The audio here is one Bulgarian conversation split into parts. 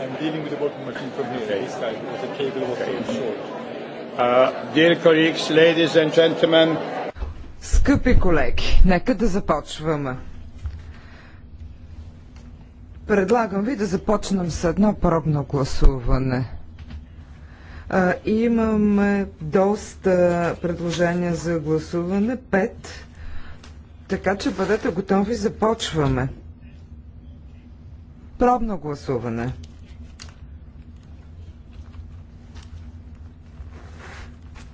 I'm dealing with the working machine from here, Okay. the cable was okay. short. Uh, dear colleagues, ladies and gentlemen. Скъпи колеги, нека да започваме. Предлагам ви да започнем с едно пробно гласуване. А, имаме доста предложения за гласуване, пет, така че бъдете готови, започваме. Пробно гласуване.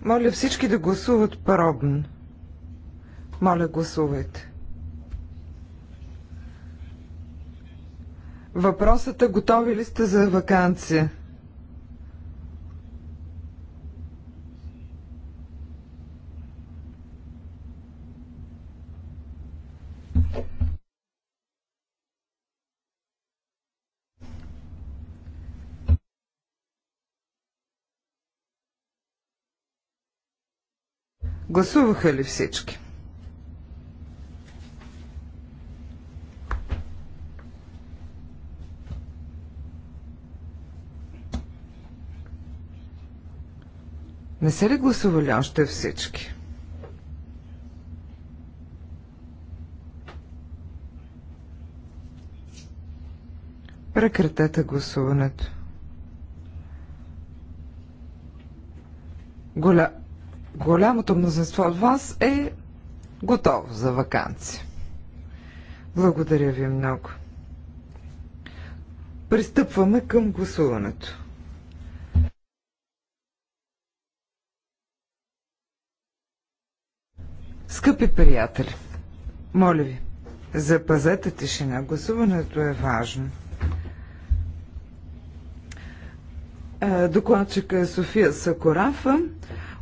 Моля всички да гласуват пробно. Моля, гласувайте. Въпросът е готови ли сте за вакансия? Гласуваха ли всички? Не са ли гласували още всички? Прекратете гласуването. Голя голямото мнозинство от вас е готово за вакансия. Благодаря ви много. Пристъпваме към гласуването. Скъпи приятели, моля ви, запазете тишина. Гласуването е важно. Е, докладчика е София Сакорафа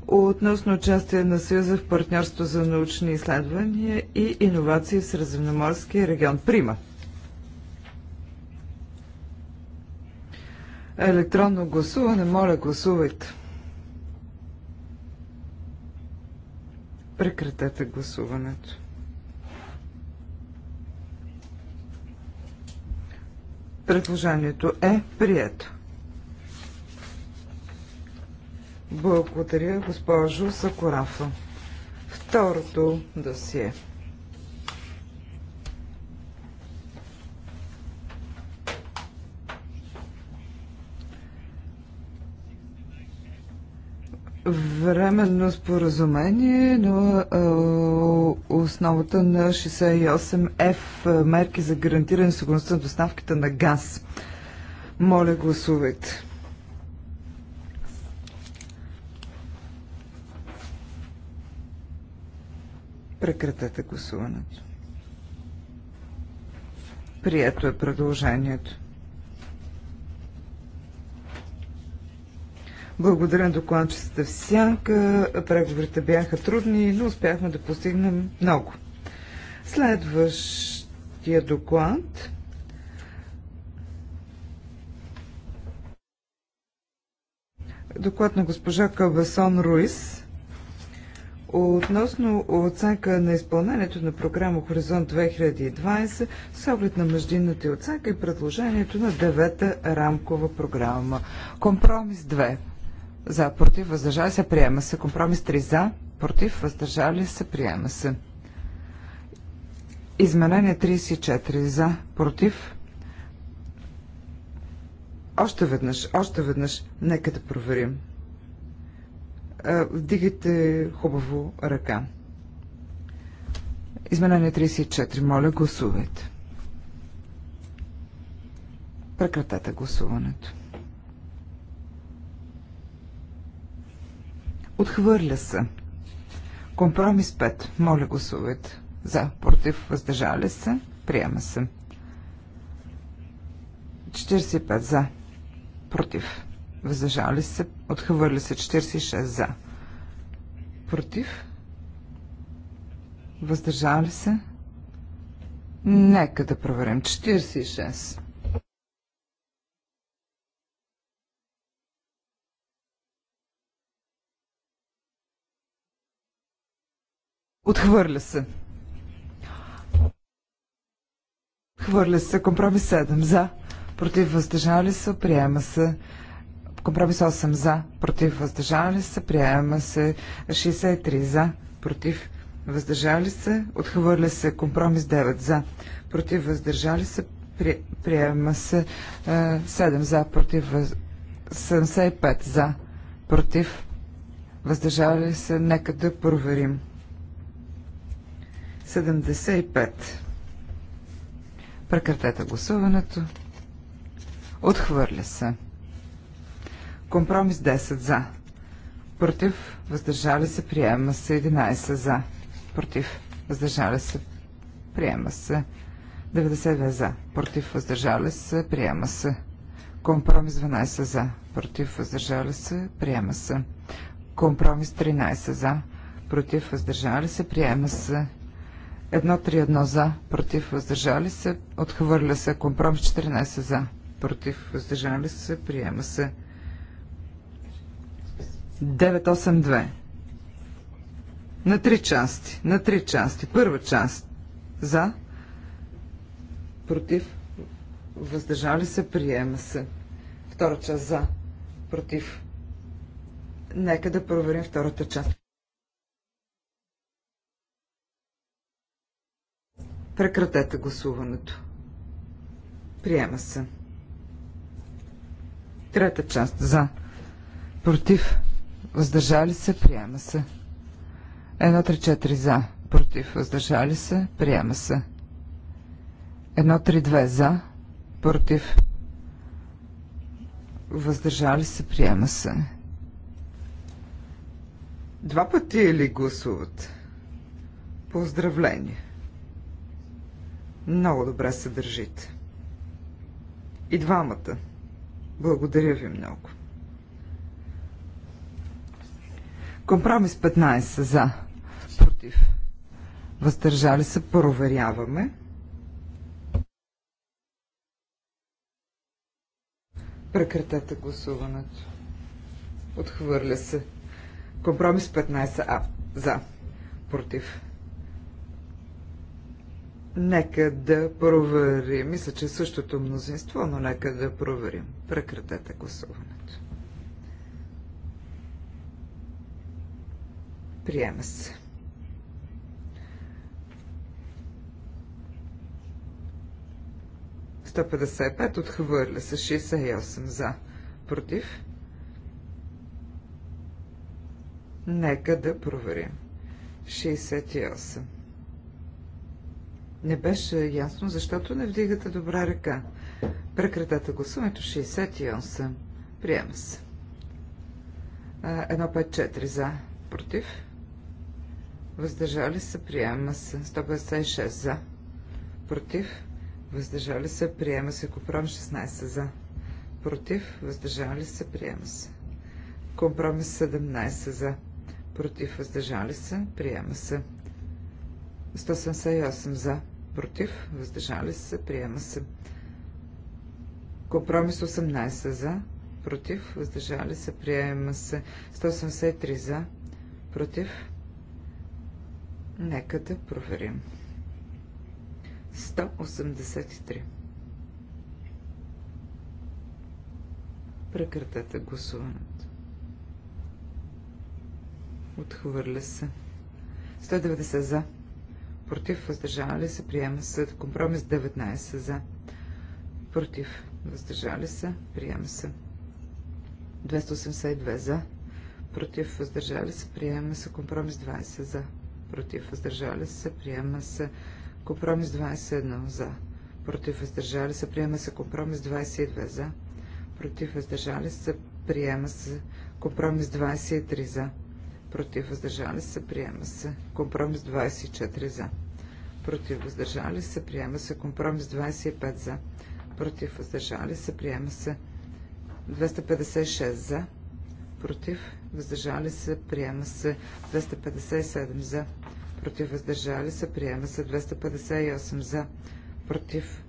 относно участие на Съюза в партньорство за научни изследвания и иновации в Средиземноморския регион. Прима. Електронно гласуване, моля гласувайте. Прекратете гласуването. Предложението е прието. Благодаря, госпожо Сакурафа. Второто досие. временно споразумение но основата на 68F мерки за гарантиране сигурността на доставките на газ. Моля, гласувайте. Прекратете гласуването. Прието е предложението. Благодаря на докладчицата всяка. Преговорите бяха трудни, но успяхме да постигнем много. Следващия доклад Доклад на госпожа Кавасон Руис Относно оценка на изпълнението на програма Хоризонт 2020 с оглед на междинната оценка и предложението на девета рамкова програма. Компромис 2. За, против, въздържали се, приема се. Компромис 3 за, против, въздържали се, приема се. Изменение 34 за, против. Още веднъж, още веднъж, нека да проверим. Вдигайте хубаво ръка. Изменение 34. Моля, гласувайте. Прекратете гласуването. Отхвърля се. Компромис 5. Моля, гласувайте. За, против, въздържали се. Приема се. 45 за. Против въздържали се, отхвърли се 46 за. Против, въздържали се. Нека да проверим 46. Отхвърля се. Хвърля се. Компромис 7. За. Против въздържали се. Приема се. Компромис 8 за, против, въздържали се, приема се 63 за, против, въздържали се, отхвърля се компромис 9 за, против, въздържали се, при, приема се 7 е, за, против, въз... 75 за, против, въздържали се, нека да проверим. 75. Прекратете гласуването. Отхвърля се. Компромис 10 за. Против. Въздържали се. Приема се. 11 за. Против. Въздържали се. Приема се. 92 за. Против. Въздържали се. Приема се. Компромис 12 за. Против. Въздържали се. Приема се. Компромис 13 за. Против. Въздържали се. Приема се. 1-3-1 за. Против. Въздържали се. Отхвърля се. Компромис 14 за. Против. Въздържали се. Приема се. 982. На три части. На три части. Първа част. За. Против. Въздържали се. Приема се. Втора част. За. Против. Нека да проверим втората част. Прекратете гласуването. Приема се. Трета част. За. Против въздържали се, приема се. Едно три, четири, за, против, въздържали се, приема се. Едно 3 2 за, против, въздържали се, приема се. Два пъти ли гласуват? Поздравление! Много добре се държите. И двамата. Благодаря ви много. Компромис 15 за. Против. Въздържали се. Проверяваме. Прекратете гласуването. Отхвърля се. Компромис 15А. За. Против. Нека да проверим. Мисля, че е същото мнозинство, но нека да проверим. Прекратете гласуването. Приема се. 155 отхвърля се 68 за. Против. Нека да проверим. 68. Не беше ясно, защото не вдигате добра ръка. Прекратете гласуването 68. Приема се. 154 за. Против въздържали се, приема се. 156 за, против, въздържали се, приема се. Компромис 16 за, против, въздържали се, приема се. Компромис 17 за, против, въздържали се, приема се. 178 за, против, въздържали се, приема се. Компромис 18 за, против, въздържали се, приема се. 183 за, против, Нека да проверим. 183. Прекратете гласуването. Отхвърля се. 190 за. Против въздържали се. Приема се. Компромис 19 за. Против въздържали се. Приема се. 282 за. Против въздържали се. Приема се. Компромис 20 за против, въздържали се, приема се. Компромис 21 за, против, въздържали се, приема се. Компромис 22 за, против, въздържали се, приема се. Компромис 23 за, против, въздържали се, приема се. Компромис 24 за, против, въздържали се, приема се. Компромис 25 за, против, въздържали се, приема се. 256 за, против, въздържали се, приема се 257 за, против, въздържали се, приема се 258 за, против.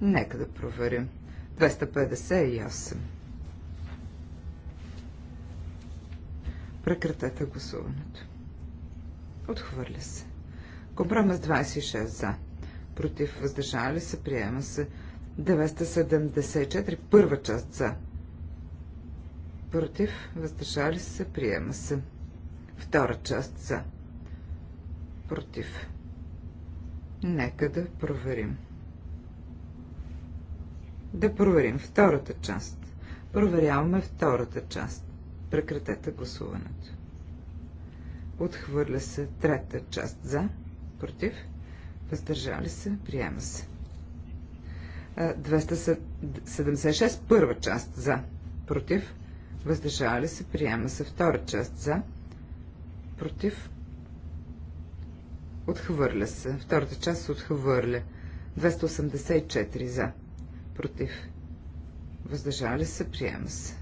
Нека да проверим. 258. Прекратете гласуването. Отхвърля се. Компромис 26 за. Против въздържали се, приема се 974, първа част за. Против, въздържали се, приема се. Втора част за. Против. Нека да проверим. Да проверим втората част. Проверяваме втората част. Прекратете гласуването. Отхвърля се трета част за. Против. Въздържали се, приема се. 276 първа част за, против, въздържали се, приема се втора част за, против, отхвърля се, втората част се отхвърля, 284 за, против, въздържали се, приема се.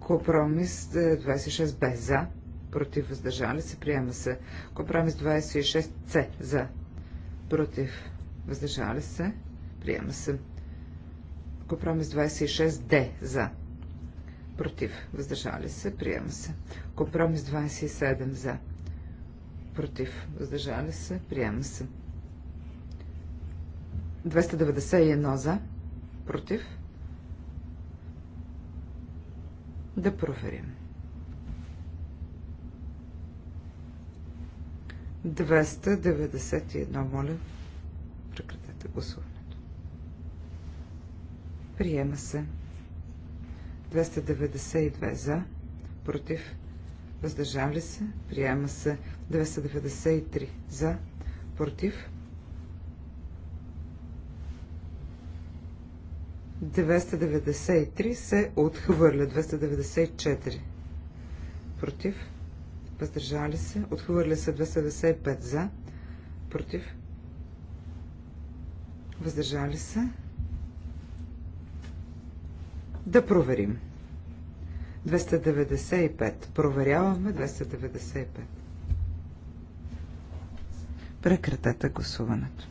Компромис 26 е, б за, против, въздържали се, приема се. Компромис 26 С за, против, въздържали се, Приема се. Компромис 26 Д за. Против. Въздържали се. Приема се. Компромис 27 за. Против. Въздържали се. Приема се. 291 за. Против. Да проверим. 291, моля. Прекратете гласуване. Приема се. 292 за. Против. Въздържали се. Приема се. 293 за. Против. 293 се отхвърля. 294 против. Въздържали се. Отхвърля се 295 за. Против. Въздържали се. Да проверим. 295. Проверяваме 295. Прекратете гласуването.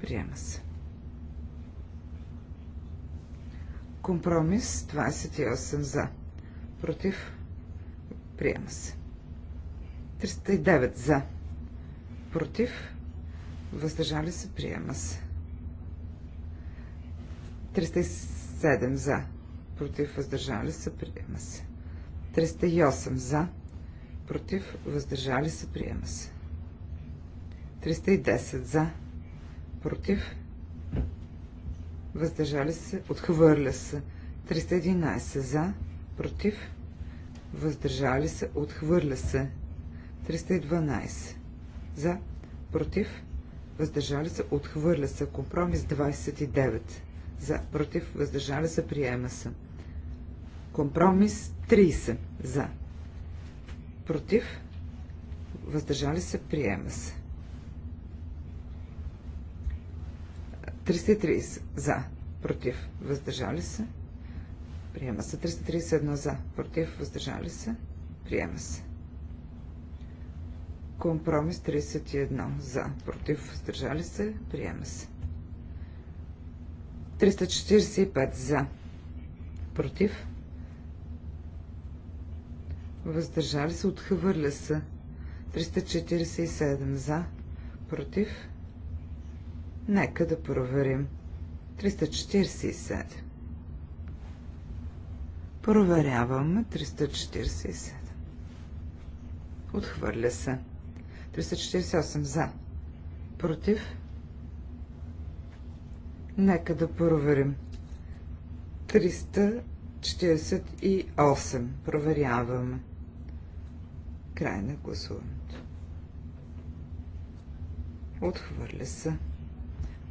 Приема се. Компромис 28 за. Против. Приема се. 309 за. Против. Въздържали се. Приема се. 307 за. Против въздържали се. Приема се. 308 за. Против въздържали се. Приема се. 310 за. Против въздържали се. Отхвърля се. 311 за. Против въздържали се. Отхвърля се. 312 за. Против въздържали се. Отхвърля се. Компромис 29 за, против, въздържали се, приема се. Компромис 30 за, против, въздържали се, приема се. 330 за, против, въздържали се, приема се. 331 за, против, въздържали се, приема се. Компромис 31 за, против, въздържали се, приема се. 345 за. Против. Въздържали се. Отхвърля се. 347 за. Против. Нека да проверим. 347. Проверяваме 347. Отхвърля се. 348 за. Против. Нека да проверим. 348. Проверяваме. Край на гласуването. Отхвърля се.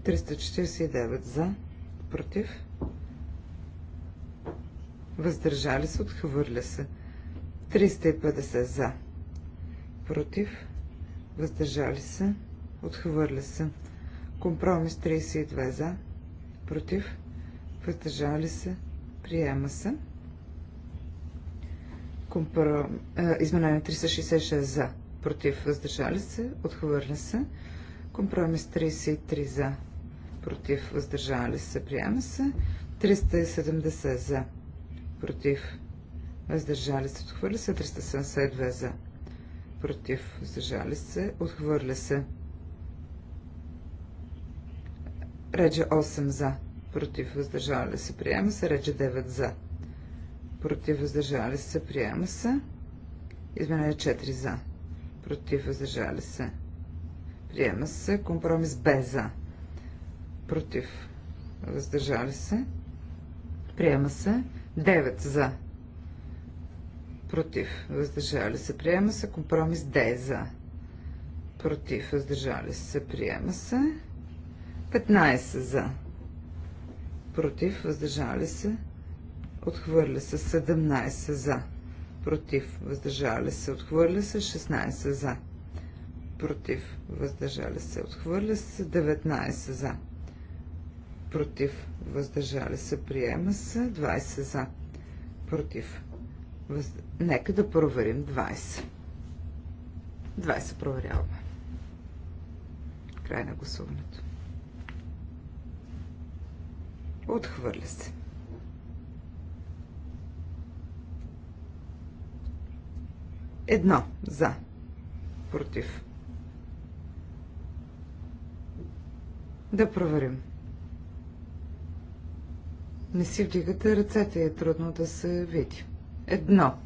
349 за. Против. Въздържали се. Отхвърля се. 350 за. Против. Въздържали се. Отхвърля се. Компромис 32 за против, въздържали се, приема се. Компро... Е, изменение 366 за, против, въздържали се, отхвърля се. Компромис 33 за, против, въздържали се, приема се. 370 за, против, въздържали се, отхвърля се. 372 за, против, въздържали се, отхвърля се. Реджа 8 за. Против въздържали се. Приема се. Реджа 9 за. Против въздържали се. Приема се. Изменение 4 за. Против въздържали се. Приема се. Компромис Б за. Против въздържали се. Приема се. 9 за. Против. Въздържали се. Приема се. Компромис Д за. Против. Въздържали се. Приема се. 15 за. Против. Въздържали се. Отхвърля се 17 за. Против. Въздържали се. Отхвърля се 16 за. Против. Въздържали се. Отхвърля се 19 за. Против. Въздържали се. Приема се 20 за. Против. Въз... Нека да проверим 20. 20 проверяваме. Край на гласуването. Отхвърля се. Едно. За. Против. Да проверим. Не си вдигате ръцете, е трудно да се види. Едно.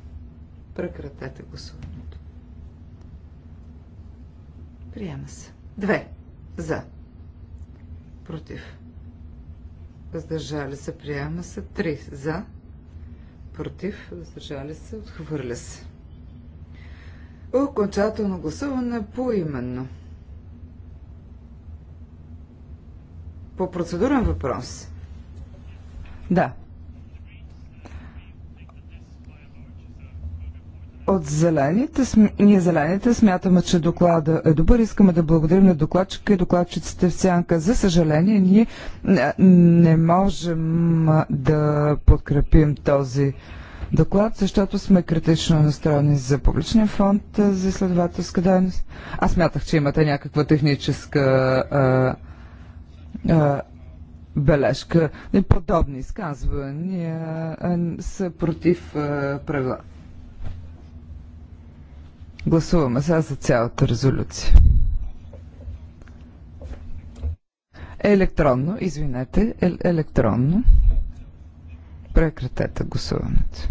Прекратете гласуването. Приема се. Две. За. Против въздържали се, приема се. 3 за, против, въздържали се, отхвърля се. Окончателно гласуване по именно. По процедурен въпрос. Да, От зелените, ние зелените смятаме, че доклада е добър. Искаме да благодарим на докладчика и докладчиците в сянка. За съжаление, ние не можем да подкрепим този доклад, защото сме критично настроени за публичния фонд за изследователска дейност. Аз смятах, че имате някаква техническа а, а, бележка. Подобни изказвания са против правила. правилата. Гласуваме сега за цялата резолюция. Електронно, извинете, е- електронно. Прекратете гласуването.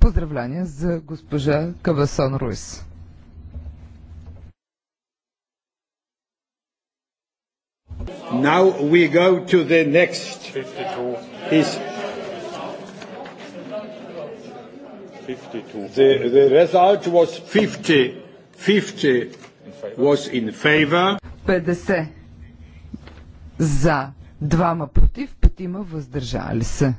Поздравления за госпожа Кабасон Руис. Now we go to the next. 52. Is 52. The, the result was 50. 50 was in favor. 50 за, двама против, петима въздържали се.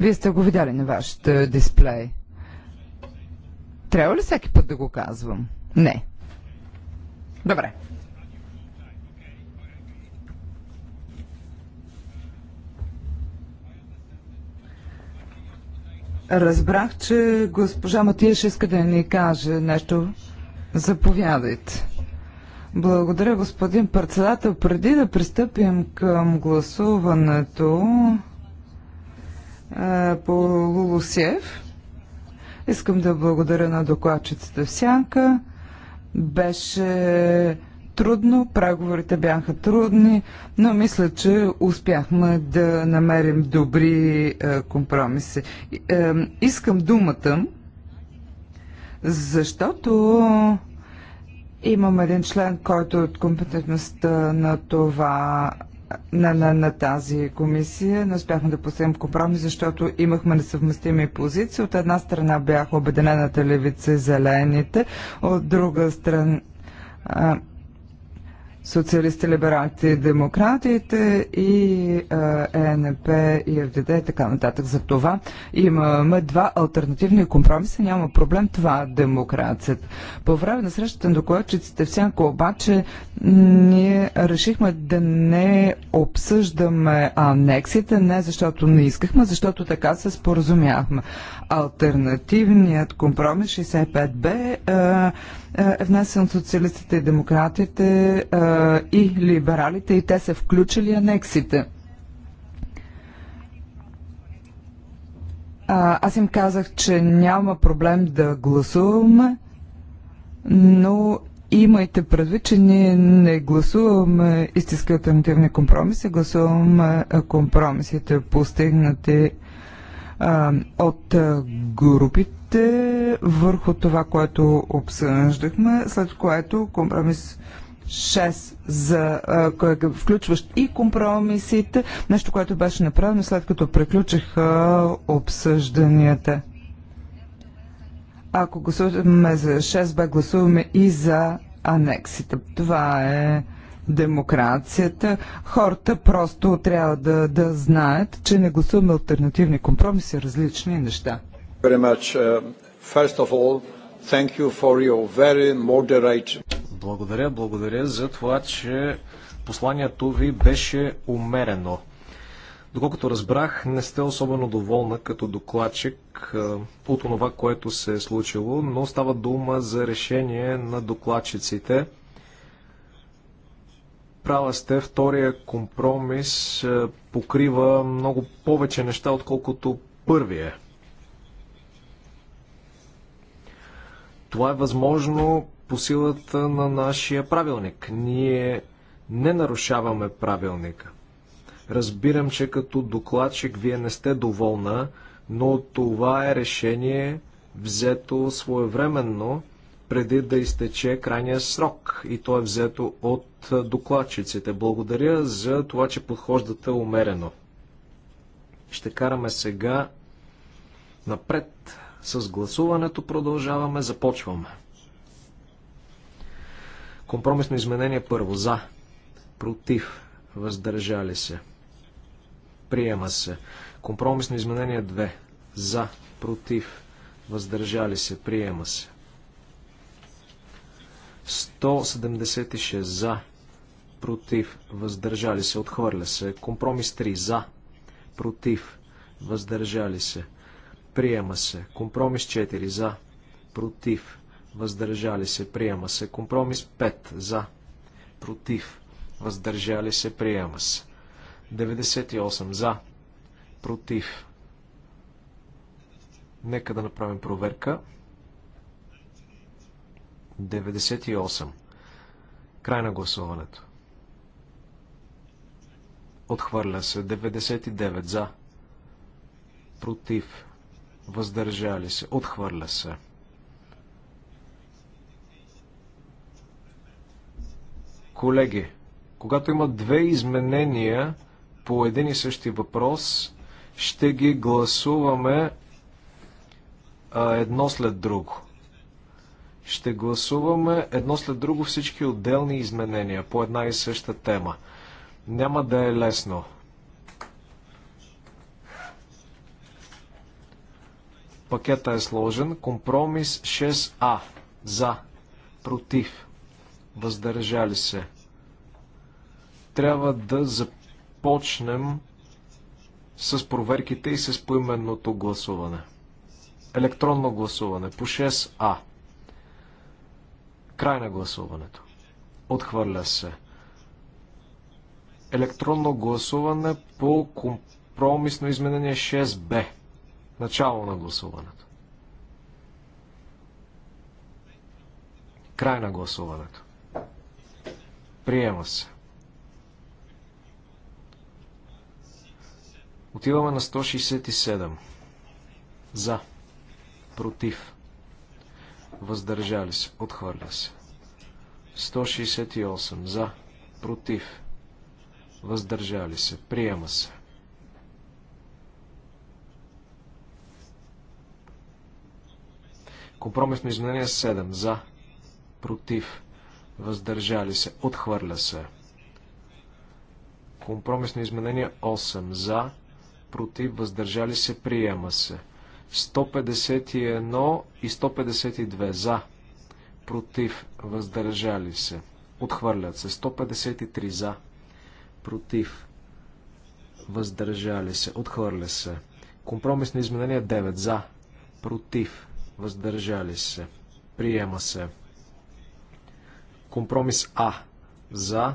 Вие сте го видяли на вашето дисплей. Трябва ли всеки път да го казвам? Не. Добре. Разбрах, че госпожа Матиеш иска да ни каже нещо. Заповядайте. Благодаря, господин председател. Преди да пристъпим към гласуването е, по Лулусев, искам да благодаря на докладчицата Сянка. Беше трудно, преговорите бяха трудни, но мисля, че успяхме да намерим добри е, компромиси. Е, искам думата, защото имам един член, който е от компетентността на това на, на, на тази комисия. Не успяхме да постигнем компромис, защото имахме несъвместими позиции. От една страна бяха Обединената левица и Зелените, от друга страна социалисти, либералите, демократите и а, ЕНП и ФДД и така нататък. За това имаме два альтернативни компромиса. Няма проблем. Това е демокрацията. По време на срещата на докладчиците всяко обаче ние решихме да не обсъждаме анексите, не защото не искахме, защото така се споразумяхме. Альтернативният компромис 65Б а, е, е внесен от социалистите и демократите е, и либералите и те са включили анексите. аз им казах, че няма проблем да гласуваме, но имайте предвид, че ние не гласуваме истински альтернативни компромиси, гласуваме компромисите постигнати от групите дебатите върху това, което обсъждахме, след което компромис 6 за а, е включващ и компромисите, нещо, което беше направено след като приключиха обсъжданията. Ако гласуваме за 6, бе гласуваме и за анексите. Това е демокрацията. Хората просто трябва да, да знаят, че не гласуваме альтернативни компромиси, различни неща. Very much. Uh, first of all, thank you for your very moderate... Благодаря, благодаря за това, че посланието ви беше умерено. Доколкото разбрах, не сте особено доволна като докладчик от това, което се е случило, но става дума за решение на докладчиците. Права сте, втория компромис покрива много повече неща, отколкото първия. Това е възможно по силата на нашия правилник. Ние не нарушаваме правилника. Разбирам, че като докладчик вие не сте доволна, но това е решение взето своевременно, преди да изтече крайния срок и то е взето от докладчиците. Благодаря за това, че подхождате умерено. Ще караме сега напред с гласуването продължаваме. Започваме. Компромисно изменение първо. За. Против. Въздържали се. Приема се. Компромисно изменение 2. За. Против. Въздържали се. Приема се. 176 за. Против. Въздържали се. Отхвърля се. Компромис 3. За. Против. Въздържали се. Приема се. Компромис 4. За. Против. Въздържали се. Приема се. Компромис 5. За. Против. Въздържали се. Приема се. 98. За. Против. Нека да направим проверка. 98. Край на гласуването. Отхвърля се. 99. За. Против въздържали се, отхвърля се. Колеги, когато има две изменения по един и същи въпрос, ще ги гласуваме а, едно след друго. Ще гласуваме едно след друго всички отделни изменения по една и съща тема. Няма да е лесно. Пакета е сложен. Компромис 6А. За. Против. Въздържали се. Трябва да започнем с проверките и с поименното гласуване. Електронно гласуване по 6А. Край на гласуването. Отхвърля се. Електронно гласуване по компромисно изменение 6Б. Начало на гласуването. Край на гласуването. Приема се. Отиваме на 167. За. Против. Въздържали се. Отхвърля се. 168. За. Против. Въздържали се. Приема се. Компромисно изменение 7. За. Против. Въздържали се. Отхвърля се. Компромисно изменение 8. За. Против. Въздържали се. Приема се. 151 и 152. За. Против. Въздържали се. Отхвърлят се. 153 за. Против. Въздържали се. Отхвърля се. Компромисно изменение 9 за. Против въздържали се, приема се. Компромис А за,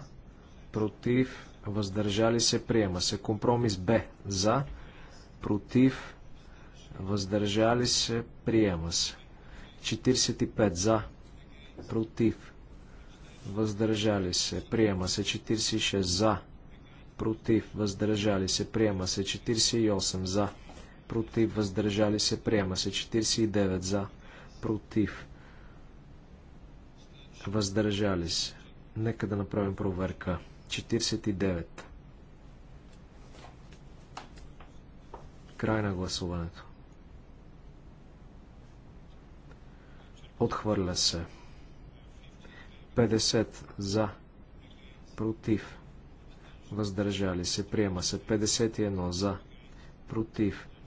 против, въздържали се, приема се. Компромис Б за, против, въздържали се, приема се. 45 за, против, въздържали се, приема се. 46 за, против, въздържали се, приема се. 48 за, против, въздържали се, приема се. 49 за, против, въздържали се. Нека да направим проверка. 49. Край на гласуването. Отхвърля се. 50 за. Против. Въздържали се. Приема се. 51 за. Против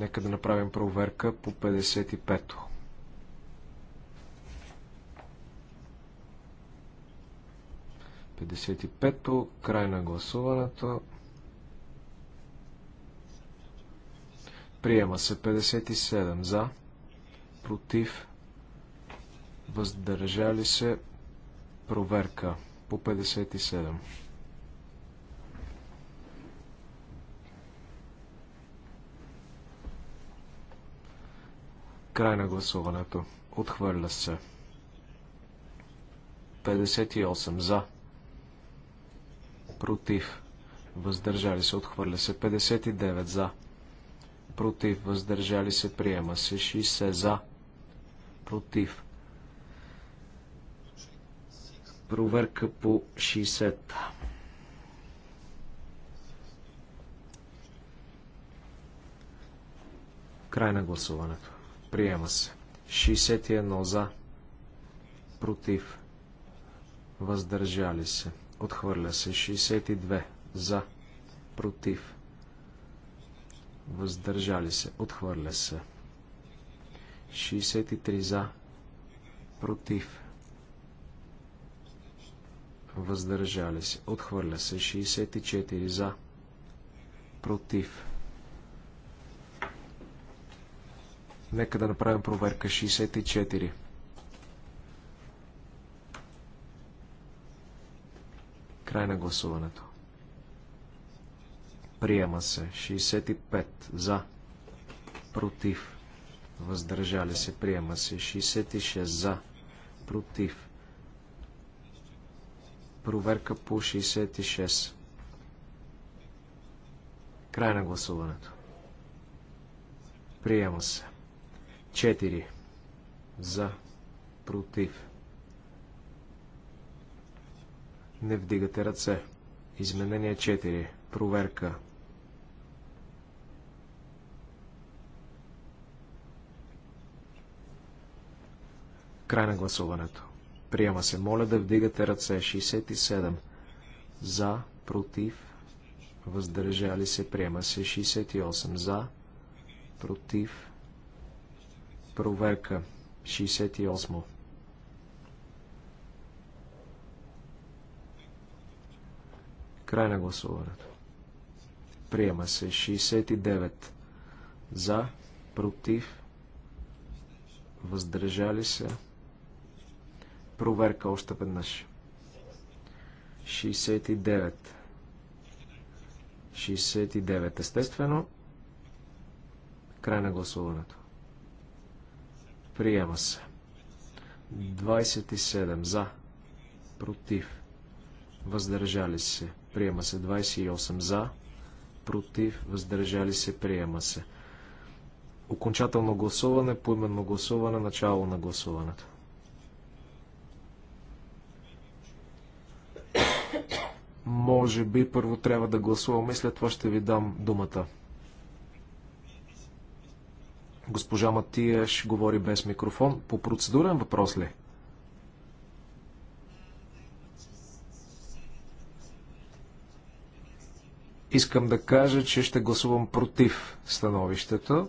Нека да направим проверка по 55-то. Петдесет край на гласуването. Приема се 57 за, против, въздържали се, проверка по 57. Край на гласуването. Отхвърля се. 58 за. Против. Въздържали се. Отхвърля се. 59 за. Против. Въздържали се. Приема се. 60 за. Против. Проверка по 60. Край на гласуването. Приема се. 61 за. Против. Въздържали се. Отхвърля се. 62 за. Против. Въздържали се. Отхвърля се. 63 за. Против. Въздържали се. Отхвърля се. 64 за. Против Нека да направим проверка. 64. Край на гласуването. Приема се. 65. За. Против. Въздържали се. Приема се. 66. За. Против. Проверка по 66. Край на гласуването. Приема се. 4 за, против. Не вдигате ръце. Изменение 4. Проверка. Край на гласуването. Приема се. Моля да вдигате ръце. 67. За, против, въздържали се. Приема се. 68. За, против, Проверка. 68. Край на гласуването. Приема се 69 за, против, въздържали се. Проверка още веднъж. 69. 69 естествено. Край на гласуването. Приема се. 27 за. Против. Въздържали се. Приема се. 28 за. Против. Въздържали се. Приема се. Окончателно гласуване, поименно гласуване, начало на гласуването. Може би първо трябва да гласуваме, след това ще ви дам думата. Госпожа Матияш говори без микрофон. По процедурен въпрос ли? Искам да кажа, че ще гласувам против становището.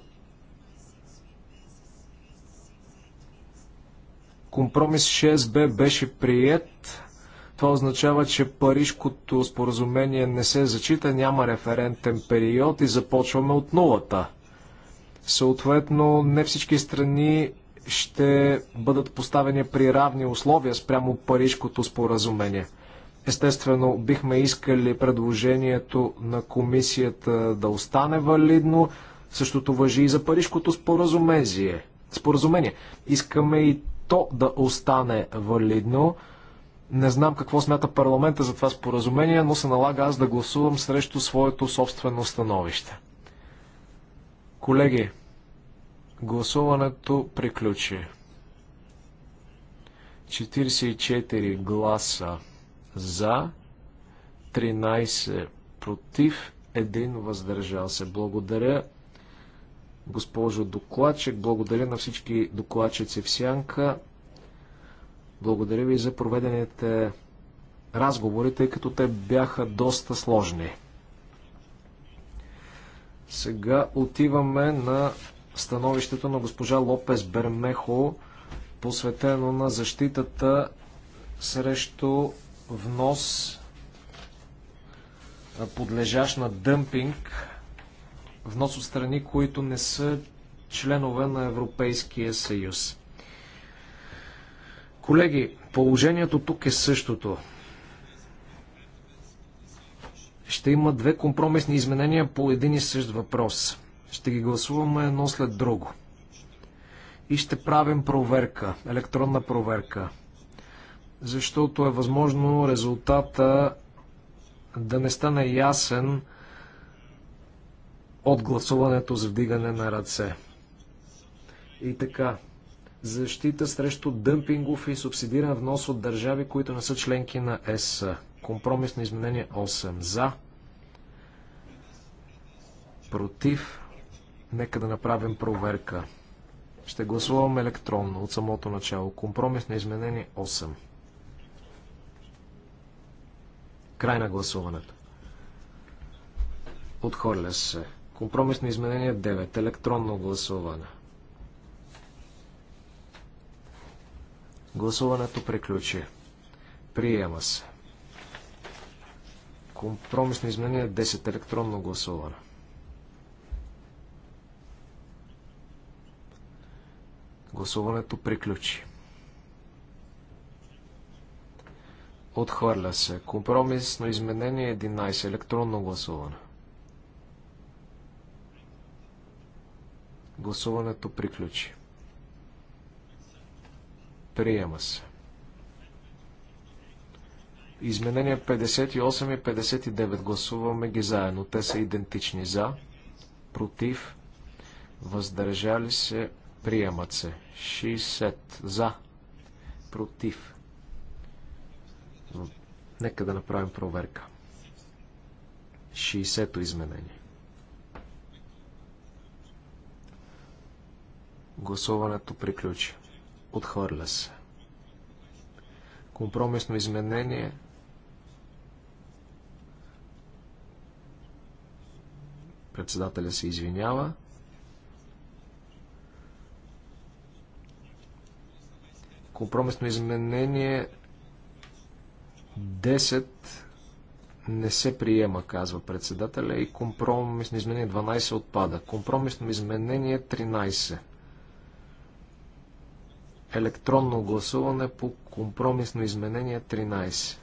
Компромис 6б беше прият. Това означава, че Парижкото споразумение не се зачита, няма референтен период и започваме от нулата. Съответно, не всички страни ще бъдат поставени при равни условия спрямо Парижкото споразумение. Естествено, бихме искали предложението на комисията да остане валидно. Същото въжи и за Парижкото споразумение. споразумение. Искаме и то да остане валидно. Не знам какво смята парламента за това споразумение, но се налага аз да гласувам срещу своето собствено становище. Колеги, гласуването приключи. 44 гласа за, 13 против, 1 въздържал се. Благодаря, госпожо докладчик, благодаря на всички докладчици в Сянка. Благодаря ви за проведените разговори, тъй като те бяха доста сложни. Сега отиваме на становището на госпожа Лопес Бермехо, посветено на защитата срещу внос, подлежащ на дъмпинг, внос от страни, които не са членове на Европейския съюз. Колеги, положението тук е същото ще има две компромисни изменения по един и същ въпрос. Ще ги гласуваме едно след друго. И ще правим проверка, електронна проверка. Защото е възможно резултата да не стане ясен от гласуването за вдигане на ръце. И така, защита срещу дъмпингов и субсидиран внос от държави, които не са членки на ЕС. Компромис на изменение 8. За. Против. Нека да направим проверка. Ще гласуваме електронно от самото начало. Компромис на изменение 8. Край на гласуването. Отхорля се. Компромис на изменение 9. Електронно гласуване. 9. Гласуването приключи. Приема се. Компромисно изменение 10. Електронно гласуване. Гласуването приключи. Отхвърля се. Компромисно изменение 11. Електронно гласуване. Гласуването приключи. Приема се. Изменения 58 и 59 гласуваме ги заедно. Те са идентични за, против, въздържали се, приемат се. 60 за, против. Нека да направим проверка. 60-то изменение. Гласуването приключи. Отхвърля се. Компромисно изменение. Председателя се извинява. Компромисно изменение 10 не се приема, казва председателя, и компромисно изменение 12 отпада. Компромисно изменение 13 електронно гласуване по компромисно изменение 13.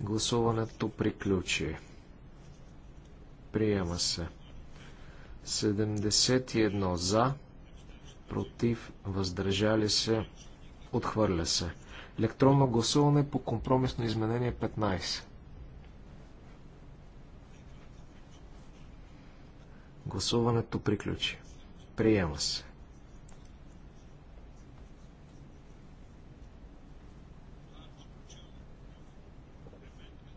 Гласуването приключи. Приема се. 71 за, против, въздържали се, отхвърля се. Електронно гласуване по компромисно изменение 15. Гласуването приключи. Приема се.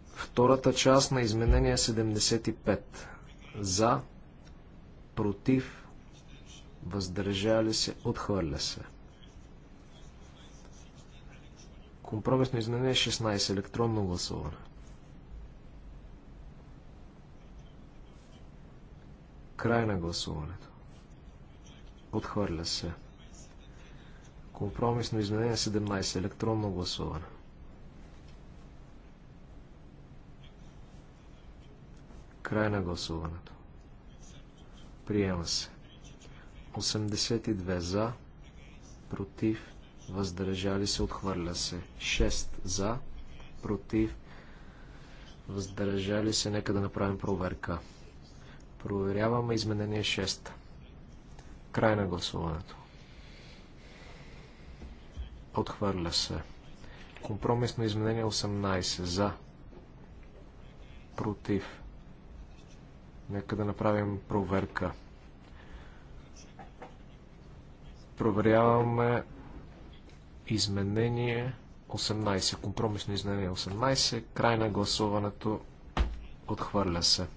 Втората част на изменение 75. За, против, въздържали се, отхвърля се. Компромисно изменение 16. Електронно гласуване. Край на гласуването. Отхвърля се. Компромисно изменение 17. Електронно гласуване. Край на гласуването. Приема се. 82 за, против, въздържали се, отхвърля се. 6 за, против, въздържали се, нека да направим проверка. Проверяваме изменение 6. Край на гласуването. Отхвърля се. Компромисно изменение 18. За. Против. Нека да направим проверка. Проверяваме изменение 18. Компромисно изменение 18. Край на гласуването. Отхвърля се.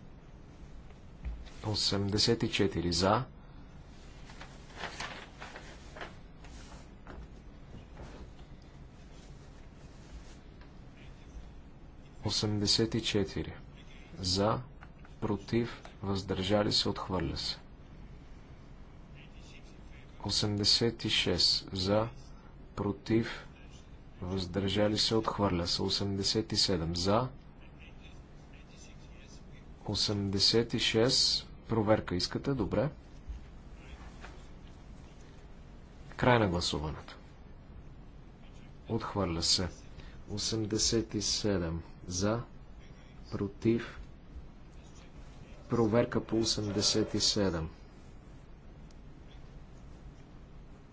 84 за 84. За, против, въздържали се, отхвърля се. 86. За, против, въздържали се, отхвърля се. 87. За, 86. Проверка искате, добре. Край на гласуването. Отхвърля се. 87 за, против, проверка по 87.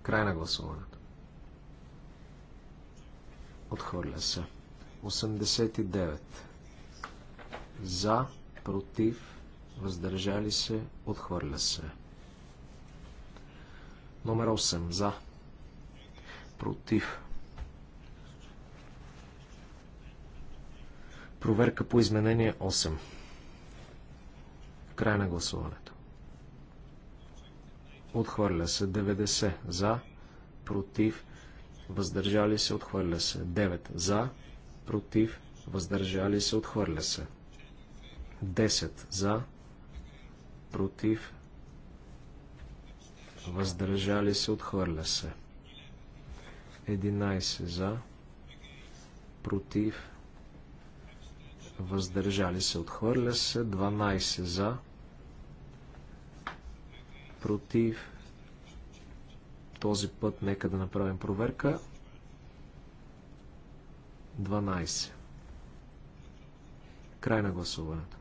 Край на гласуването. Отхвърля се. 89. За, против, въздържали се, отхвърля се. Номер 8. За. Против. Проверка по изменение 8. Край на гласуването. Отхвърля се 90 за, против, въздържали се, отхвърля се 9 за, против, въздържали се, отхвърля се 10 за, против, въздържали се, отхвърля се 11 за, против, въздържали се, отхвърля се, 12 за, против, този път нека да направим проверка, 12. Край на гласуването.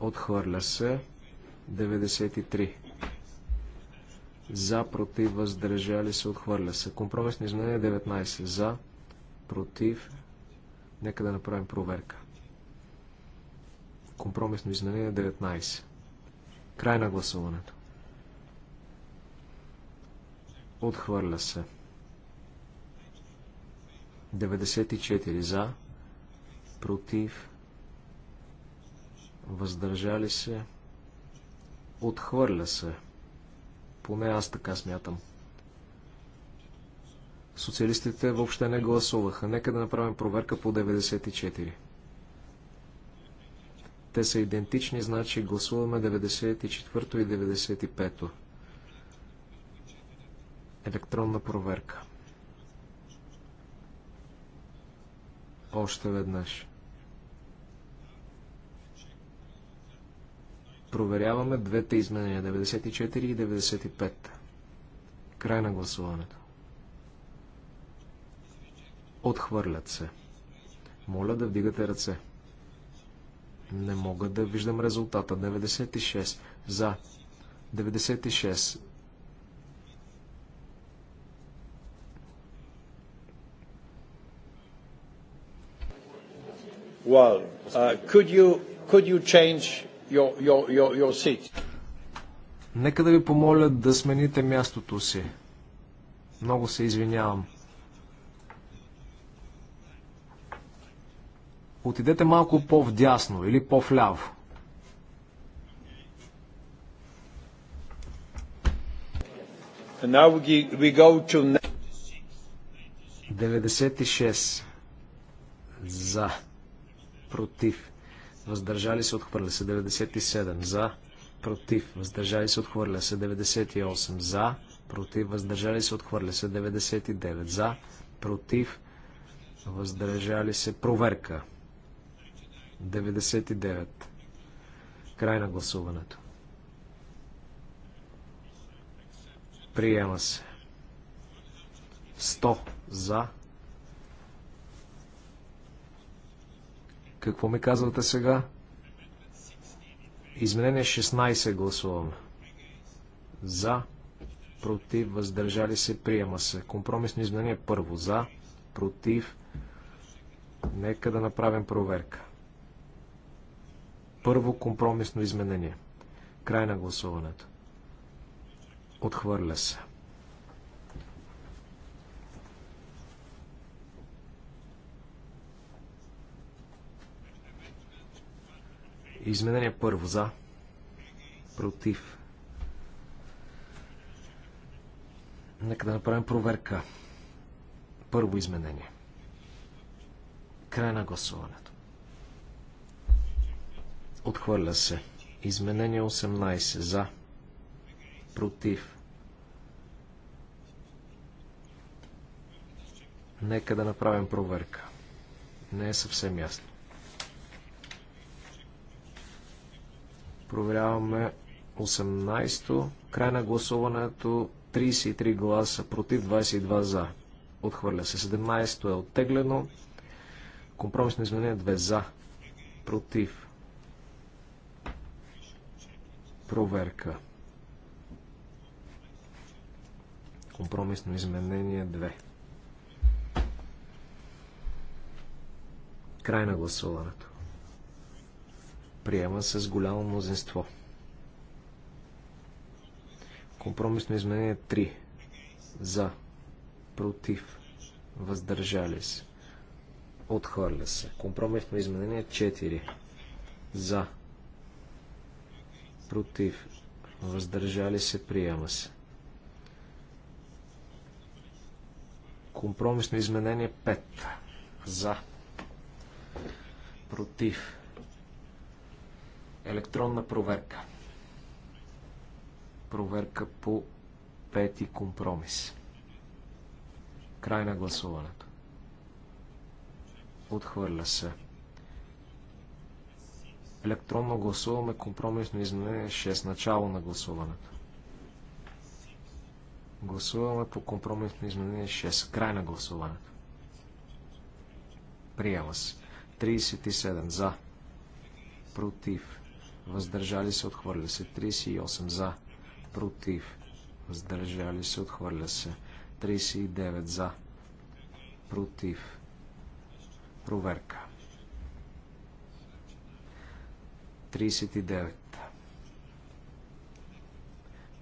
Отхвърля се, 93 за, против, въздържали се, отхвърля се. Компромисни изменение 19 за, против, нека да направим проверка. Компромисно изменение 19. Край на гласуването. Отхвърля се. 94 за, против, въздържали се, отхвърля се. Поне аз така смятам. Социалистите въобще не гласуваха. Нека да направим проверка по 94. Те са идентични, значи гласуваме 94 и 95. Електронна проверка. Още веднъж. Проверяваме двете изменения 94 и 95. Край на гласуването. Отхвърлят се. Моля да вдигате ръце. Не мога да виждам резултата. 96 за. 96 Well, uh, could you could you change Нека да ви помоля да смените мястото си. Много се извинявам. Отидете малко по-вдясно или по-вляво. To... 96 за против въздържали се, отхвърля се 97 за, против, въздържали се, отхвърля се 98 за, против, въздържали се, отхвърля се 99 за, против, въздържали се, проверка 99. Край на гласуването. Приема се. 100 за, Какво ми казвате сега? Изменение 16 гласуваме. За, против, въздържали се, приема се. Компромисно изменение първо. За, против. Нека да направим проверка. Първо компромисно изменение. Край на гласуването. Отхвърля се. Изменение първо за. Против. Нека да направим проверка. Първо изменение. Край на гласуването. Отхвърля се. Изменение 18 за. Против. Нека да направим проверка. Не е съвсем ясно. Проверяваме 18-то. Край на гласуването 33 гласа против, 22 за. Отхвърля се. 17-то е оттеглено. Компромисно изменение 2 за. Против. Проверка. Компромисно изменение 2. Край на гласуването. Приема с голямо мнозинство. Компромисно изменение 3. За. Против. Въздържали се. Отхвърля се. Компромисно изменение 4. За. Против. Въздържали се. Приема се. Компромисно изменение 5. За. Против. Електронна проверка. Проверка по пети компромис. Край на гласуването. Отхвърля се. Електронно гласуваме компромисно изменение 6. Начало на гласуването. Гласуваме по компромисно изменение 6. Край на гласуването. Приема се. 37 за. Против въздържали се, отхвърля се. 38 за, против, въздържали се, отхвърля се. 39 за, против, проверка. 39.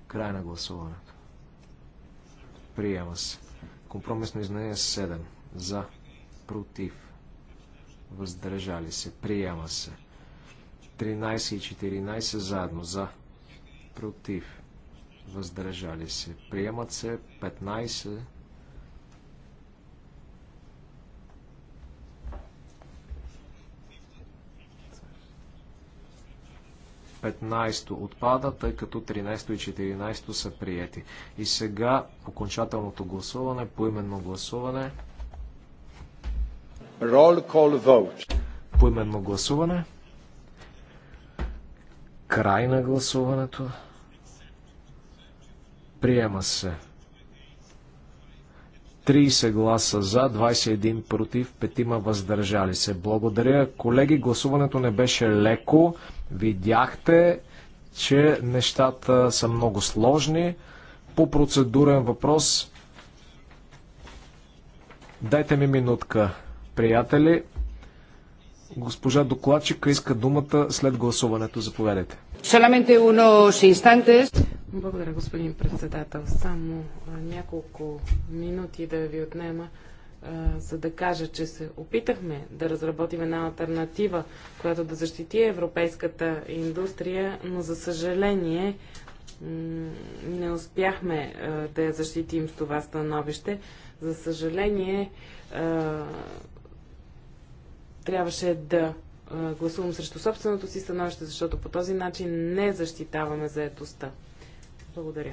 Край на гласуването. Приема се. Компромисно изменение 7. За. Против. Въздържали се. Приема се. 13 и 14 заедно. За. Против. Въздържали се. Приемат се 15. Петнайсто отпада, тъй като 13 и 14 са приети. И сега окончателното гласуване, поименно гласуване. Roll call vote. Поименно гласуване. Край на гласуването. Приема се. 30 гласа за, 21 против, 5 въздържали се. Благодаря, колеги. Гласуването не беше леко. Видяхте, че нещата са много сложни. По процедурен въпрос. Дайте ми минутка, приятели. Госпожа докладчика иска думата след гласуването. Заповядайте. Благодаря, господин председател. Само няколко минути да ви отнема, за да кажа, че се опитахме да разработим една альтернатива, която да защити европейската индустрия, но за съжаление не успяхме да я защитим с това становище. За съжаление, трябваше да гласувам срещу собственото си становище, защото по този начин не защитаваме заетостта. Благодаря.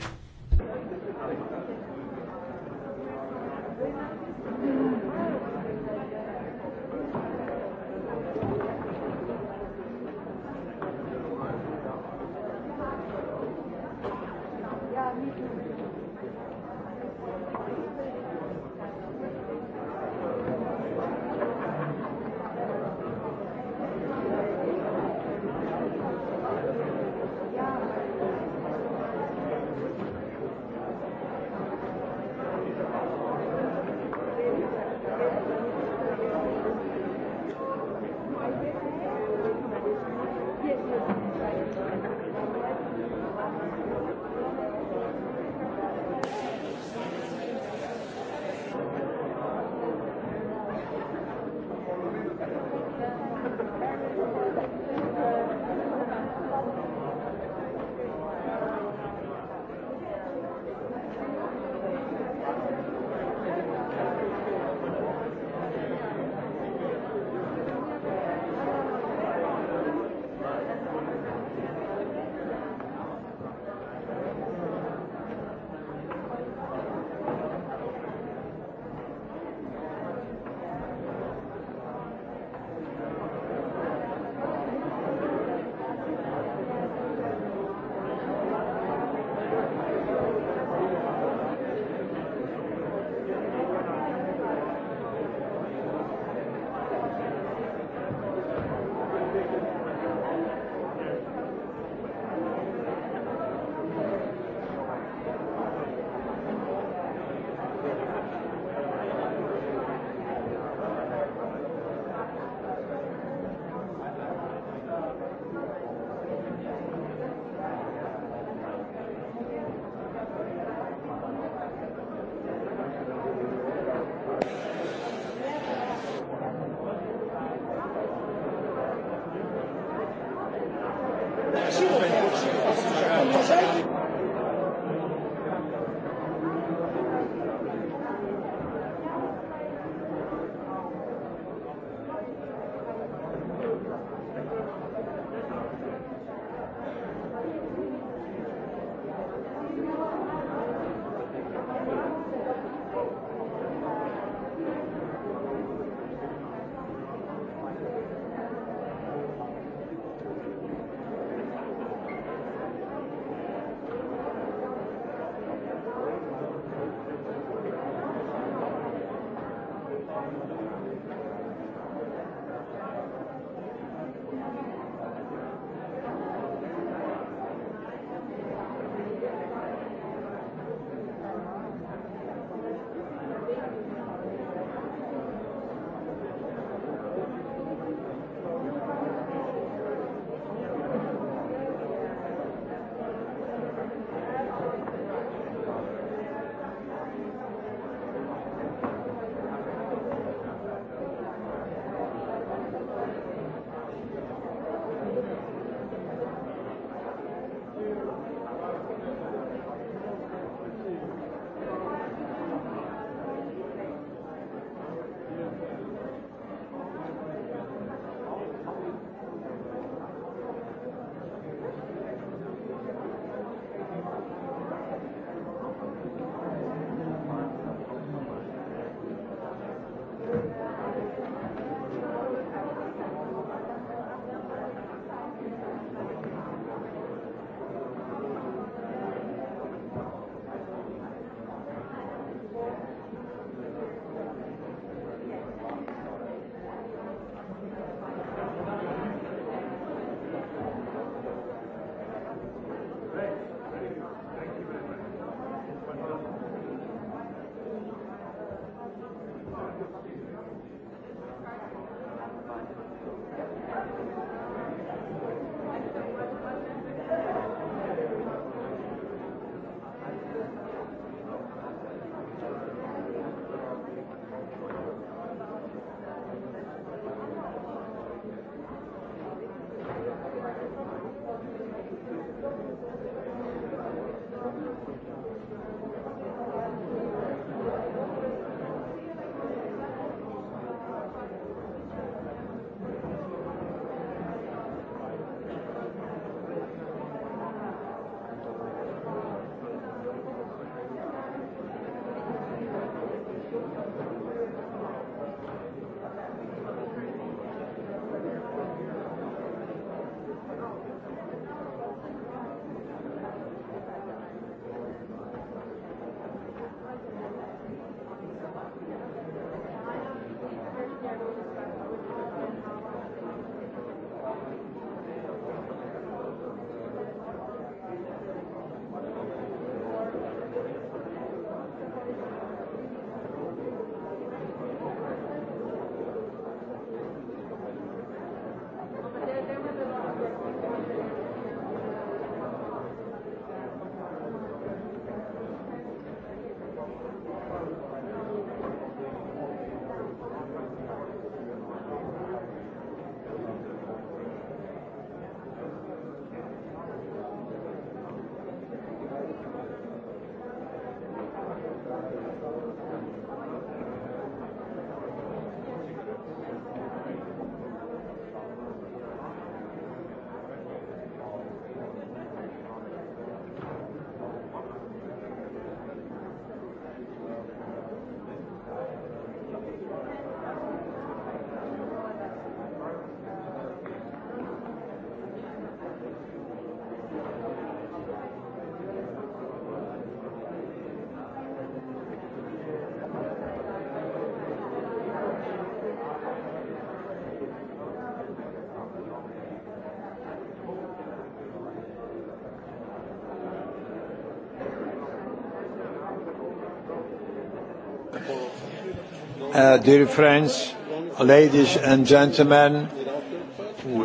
Uh, dear friends, ladies and gentlemen,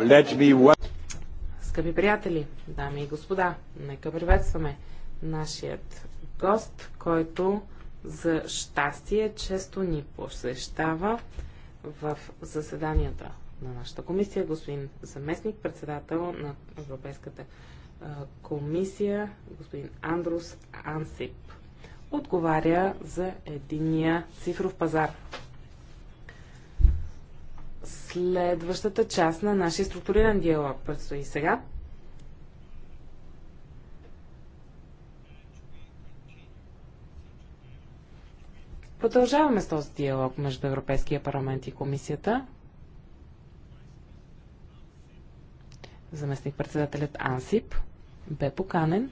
let me... Скъпи приятели, дами и господа, нека приветстваме нашият гост, който за щастие често ни посещава в заседанията на нашата комисия, господин заместник, председател на Европейската комисия, господин Андрус Ансип отговаря за единия цифров пазар. Следващата част на нашия структуриран диалог предстои сега. Продължаваме с този диалог между Европейския парламент и комисията. Заместник председателят Ансип бе поканен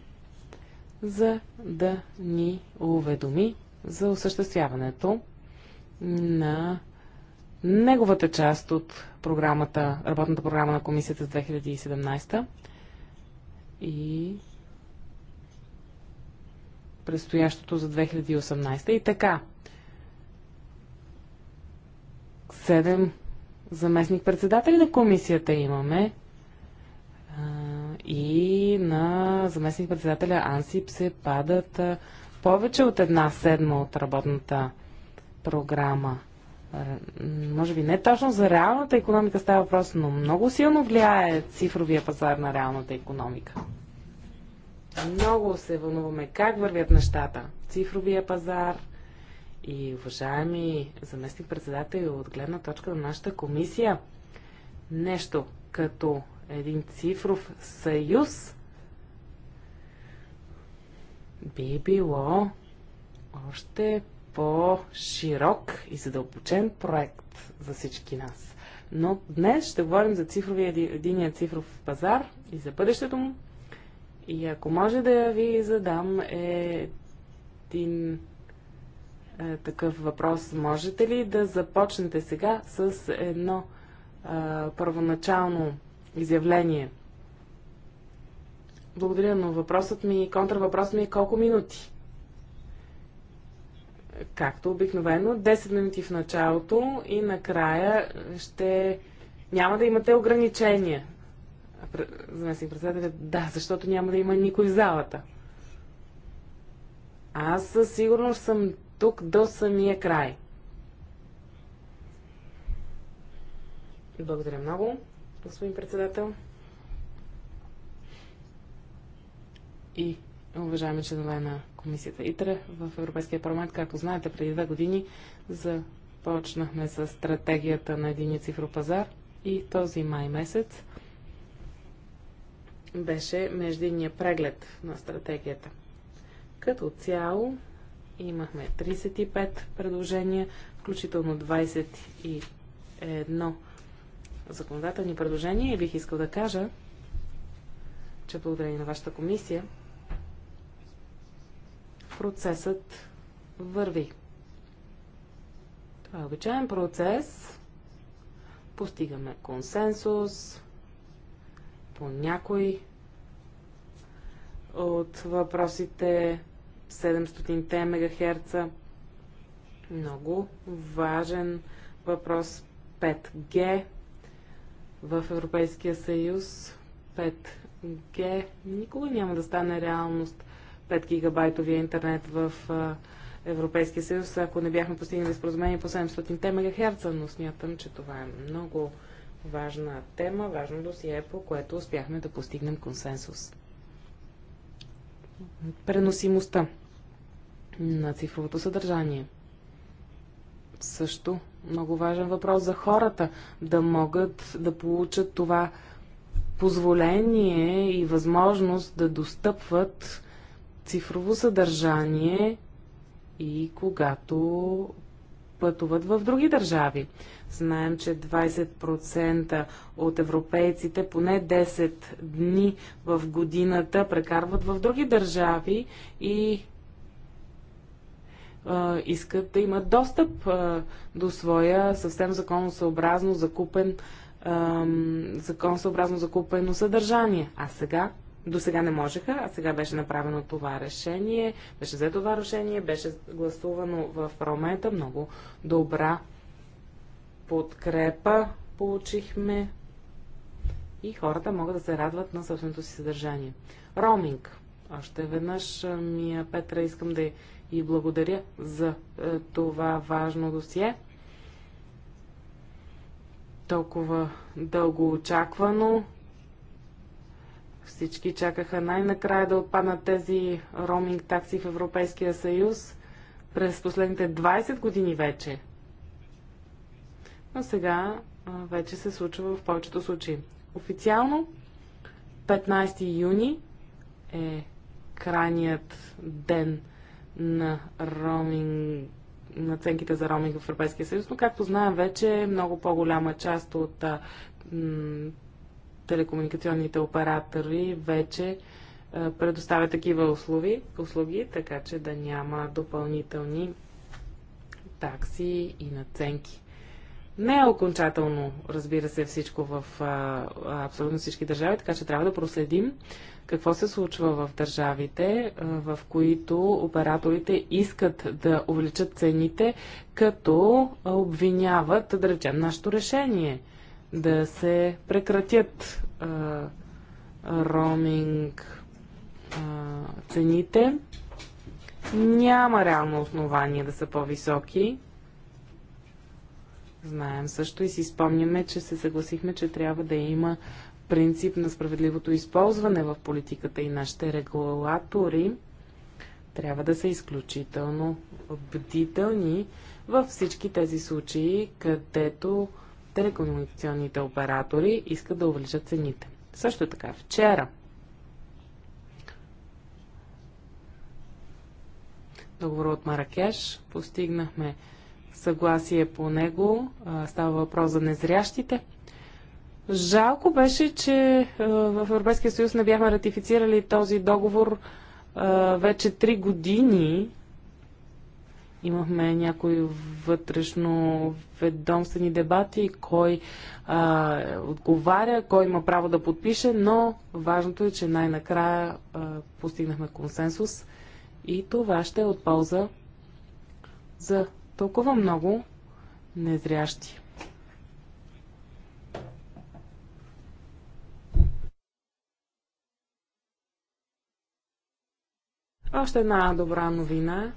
за да ни уведоми за осъществяването на неговата част от програмата, работната програма на комисията с 2017 и предстоящото за 2018. И така, седем заместник-председатели на комисията имаме и на заместник-председателя Ансип се падат повече от една седма от работната програма. Може би не точно за реалната економика става въпрос, но много силно влияе цифровия пазар на реалната економика. Много се вълнуваме как вървят нещата. Цифровия пазар и уважаеми заместник-председател от гледна точка на нашата комисия. Нещо като един цифров съюз, би било още по-широк и задълбочен проект за всички нас. Но днес ще говорим за цифровия, единия цифров пазар и за бъдещето му. И ако може да ви задам е един е, такъв въпрос, можете ли да започнете сега с едно е, първоначално изявление. Благодаря, но въпросът ми, контравъпросът ми е колко минути? Както обикновено, 10 минути в началото и накрая ще няма да имате ограничения. Заместник председателя, да, защото няма да има никой в залата. Аз със сигурност съм тук до самия край. Благодаря много господин председател. И уважаеми членове на комисията ИТРЕ в Европейския парламент, както знаете, преди две години започнахме с стратегията на единия цифров пазар и този май месец беше междинния преглед на стратегията. Като цяло имахме 35 предложения, включително 21 законодателни предложения и бих искал да кажа, че благодарение на вашата комисия процесът върви. Това е обичайен процес. Постигаме консенсус по някой от въпросите 700 МГц. Много важен въпрос 5G в Европейския съюз 5G никога няма да стане реалност 5 гигабайтовия интернет в Европейския съюз, ако не бяхме постигнали споразумение по 700 МГц, но смятам, че това е много важна тема, важно досие, по което успяхме да постигнем консенсус. Преносимостта на цифровото съдържание – също много важен въпрос за хората да могат да получат това позволение и възможност да достъпват цифрово съдържание и когато пътуват в други държави. Знаем, че 20% от европейците поне 10 дни в годината прекарват в други държави и искат да имат достъп до своя съвсем законосъобразно закупен, законосъобразно закупено съдържание. А сега до сега не можеха, а сега беше направено това решение, беше взето това решение, беше гласувано в парламента. Много добра подкрепа получихме и хората могат да се радват на собственото си съдържание. Роминг. Още веднъж, Мия Петра, искам да и благодаря за е, това важно досие. Толкова дълго очаквано. Всички чакаха най-накрая да отпаднат тези роуминг такси в Европейския съюз през последните 20 години вече. Но сега вече се случва в повечето случаи. Официално 15 юни е крайният ден на роуминг наценките за роуминг в Европейския съюз, но както знаем вече, много по-голяма част от а, телекомуникационните оператори вече а, предоставят такива услуги, услуги, така че да няма допълнителни такси и наценки. Не е окончателно, разбира се, всичко в а, абсолютно всички държави, така че трябва да проследим какво се случва в държавите, в които операторите искат да увеличат цените, като обвиняват, да речем, нашето решение да се прекратят а, роуминг а, цените. Няма реално основание да са по-високи. Знаем също и си спомняме, че се съгласихме, че трябва да има принцип на справедливото използване в политиката и нашите регулатори трябва да са изключително бдителни във всички тези случаи, където телекомуникационните оператори искат да увеличат цените. Също така, вчера договор от Маракеш постигнахме съгласие по него. Става въпрос за незрящите Жалко беше, че е, в Европейския съюз не бяхме ратифицирали този договор е, вече 3 години. Имахме някои вътрешно ведомствени дебати, кой а, е, отговаря, кой има право да подпише, но важното е, че най-накрая постигнахме консенсус и това ще е от полза за толкова много незрящи. Още една добра новина.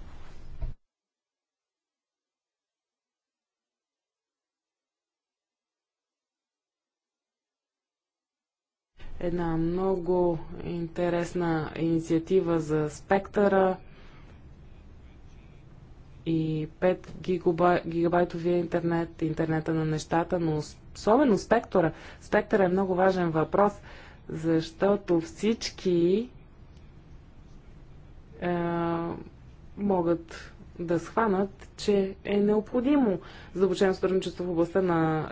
Една много интересна инициатива за спектъра и 5 гигабай, гигабайтовия интернет, интернета на нещата, но особено спектъра. Спектъра е много важен въпрос, защото всички е, могат да схванат, че е необходимо задълбочено сътрудничество в областта на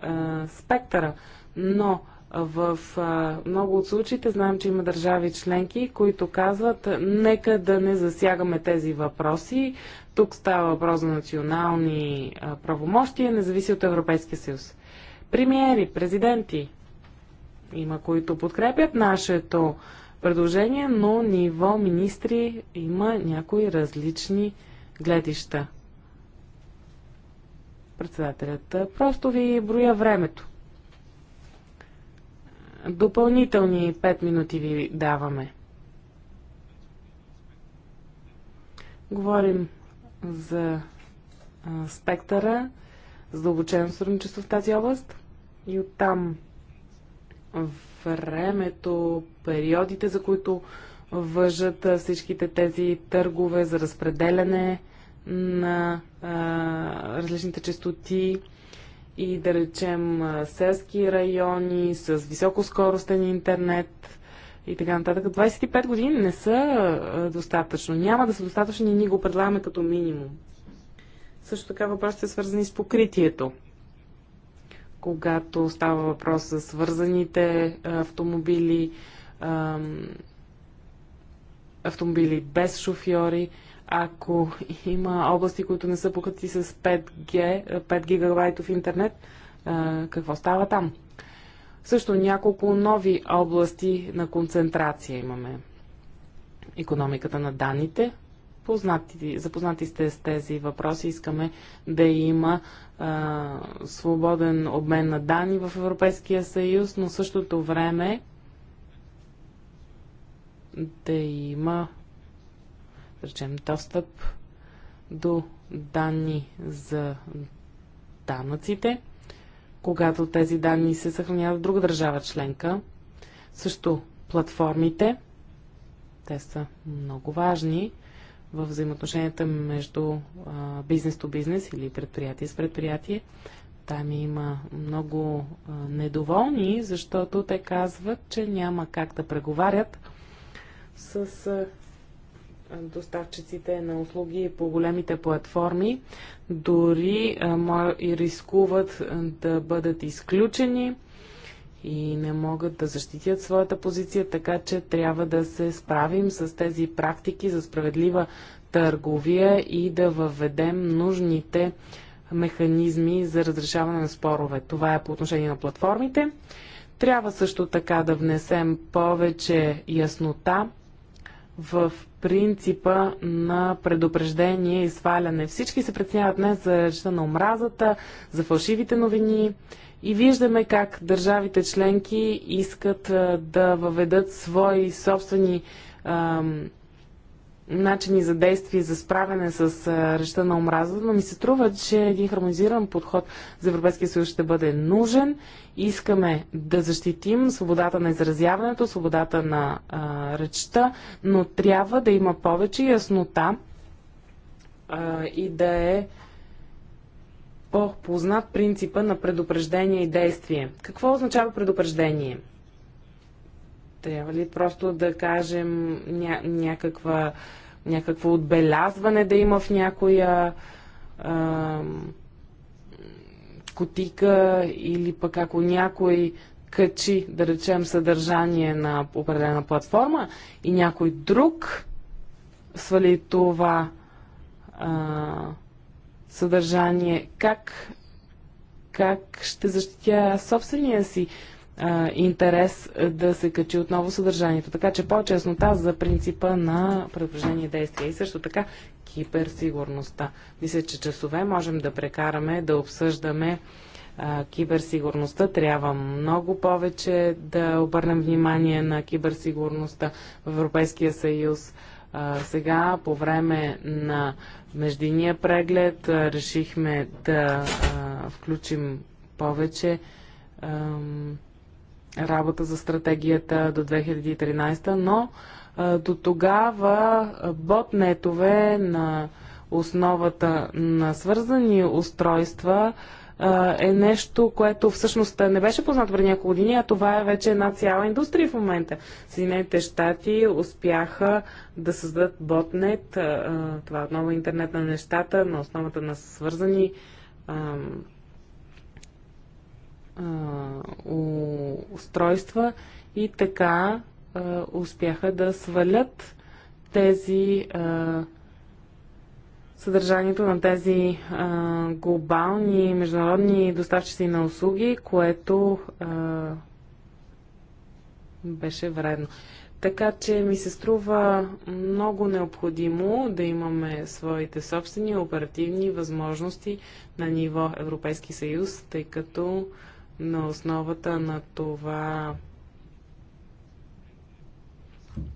е, спектъра. Но в е, много от случаите знаем, че има държави членки, които казват, нека да не засягаме тези въпроси. Тук става въпрос за национални е, правомощия, независи от Европейския съюз. Премиери, президенти, има които подкрепят нашето предложение, но ниво министри има някои различни гледища. Председателят, просто ви броя времето. Допълнителни 5 минути ви даваме. Говорим за а, спектъра, задълбочено сътрудничество в тази област и оттам в времето, периодите, за които въжат всичките тези търгове за разпределяне на а, различните частоти и да речем селски райони с високоскоростен интернет и така нататък. 25 години не са достатъчно. Няма да са достатъчни и ние го предлагаме като минимум. Също така въпросите свързани с покритието когато става въпрос за свързаните автомобили, автомобили без шофьори. Ако има области, които не са покрити с 5G, 5 гигабайтов интернет, какво става там? Също няколко нови области на концентрация имаме. Економиката на данните, запознати, запознати сте с тези въпроси. Искаме да има а, свободен обмен на данни в Европейския съюз, но в същото време да има, речем, достъп до данни за данъците, когато тези данни се съхраняват в друга държава членка. Също платформите, те са много важни в взаимоотношенията между бизнес то бизнес или предприятие с предприятие. Там има много недоволни, защото те казват, че няма как да преговарят с доставчиците на услуги по големите платформи, дори и рискуват да бъдат изключени и не могат да защитят своята позиция, така че трябва да се справим с тези практики за справедлива търговия и да въведем нужните механизми за разрешаване на спорове. Това е по отношение на платформите. Трябва също така да внесем повече яснота в принципа на предупреждение и сваляне. Всички се преценяват днес за речта на омразата, за фалшивите новини и виждаме как държавите членки искат а, да въведат свои собствени а, начини за действие за справяне с а, речта на омраза, но ми се трува, че един хармонизиран подход за Европейския съюз ще бъде нужен. Искаме да защитим свободата на изразяването, свободата на а, речта, но трябва да има повече яснота а, и да е по-познат принципа на предупреждение и действие. Какво означава предупреждение? Трябва ли просто да кажем ня- някаква, някакво отбелязване да има в някоя а, котика или пък ако някой качи, да речем, съдържание на определена платформа и някой друг свали това а, съдържание, как, как ще защитя собствения си а, интерес да се качи отново съдържанието. Така че по-честнота за принципа на предупреждение и действия. И също така киберсигурността. Мисля, че часове можем да прекараме, да обсъждаме а, киберсигурността. Трябва много повече да обърнем внимание на киберсигурността в Европейския съюз. А, сега, по време на междинния преглед. Решихме да а, включим повече а, работа за стратегията до 2013, но а, до тогава ботнетове на основата на свързани устройства е нещо, което всъщност не беше познато преди няколко години, а това е вече една цяла индустрия в момента. Съединените щати успяха да създадат ботнет, това е отново интернет на нещата, на основата на свързани устройства и така успяха да свалят тези съдържанието на тези а, глобални международни доставчици на услуги, което а, беше вредно. Така че ми се струва много необходимо да имаме своите собствени оперативни възможности на ниво Европейски съюз, тъй като на основата на това,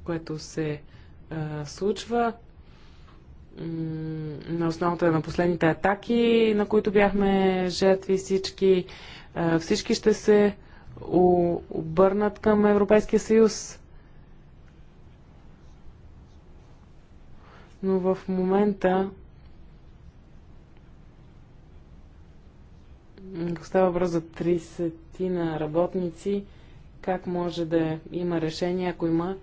което се а, случва, на основата на последните атаки, на които бяхме жертви всички, всички ще се обърнат към Европейския съюз. Но в момента става въпрос за 30 на работници, как може да има решение, ако има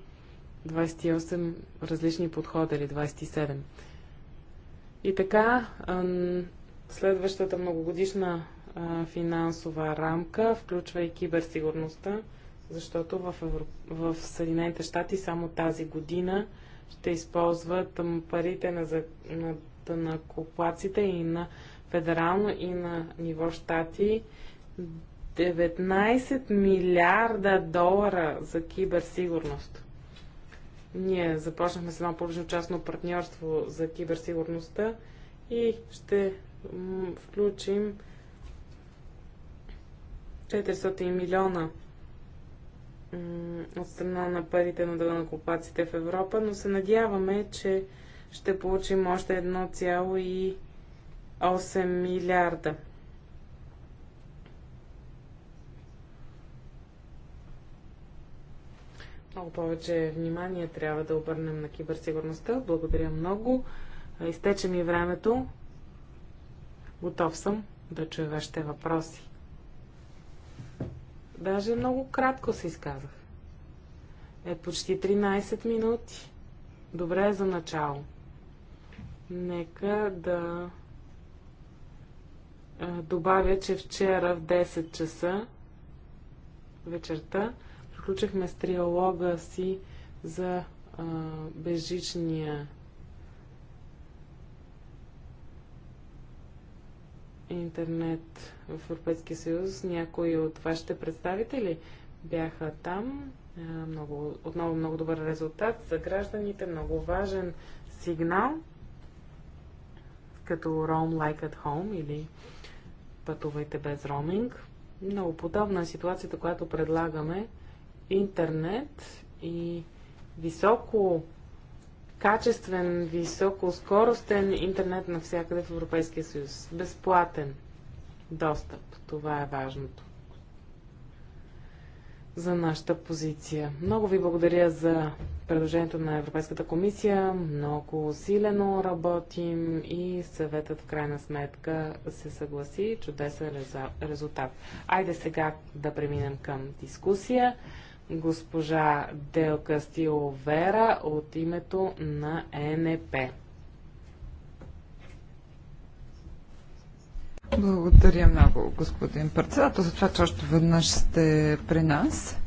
28 различни подхода или 27. И така, следващата многогодишна финансова рамка, включва и киберсигурността, защото в, Европ... в Съединените щати само тази година ще използват парите на, за... на... на купаците и на федерално и на ниво щати 19 милиарда долара за киберсигурност. Ние започнахме с едно публично-частно партньорство за киберсигурността и ще включим 400 милиона от страна на парите на дълнокопаците в Европа, но се надяваме, че ще получим още 1,8 милиарда Много повече внимание трябва да обърнем на киберсигурността. Благодаря много. Изтече ми времето. Готов съм да чуя вашите въпроси. Даже много кратко се изказах. Е почти 13 минути. Добре е за начало. Нека да добавя, че вчера в 10 часа вечерта приключихме с триалога си за а, безжичния интернет в Европейския съюз. Някои от вашите представители бяха там. А, много, отново много добър резултат за гражданите, много важен сигнал, като Roam Like at Home или пътувайте без роуминг. Много подобна е ситуацията, която предлагаме интернет и високо качествен, високо скоростен интернет навсякъде в Европейския съюз. Безплатен достъп. Това е важното за нашата позиция. Много ви благодаря за предложението на Европейската комисия. Много силено работим и съветът в крайна сметка се съгласи. Чудесен резултат. Айде сега да преминем към дискусия госпожа Делка Стиловера от името на ЕНП. Благодаря много, господин председател, за това, че още веднъж сте при нас.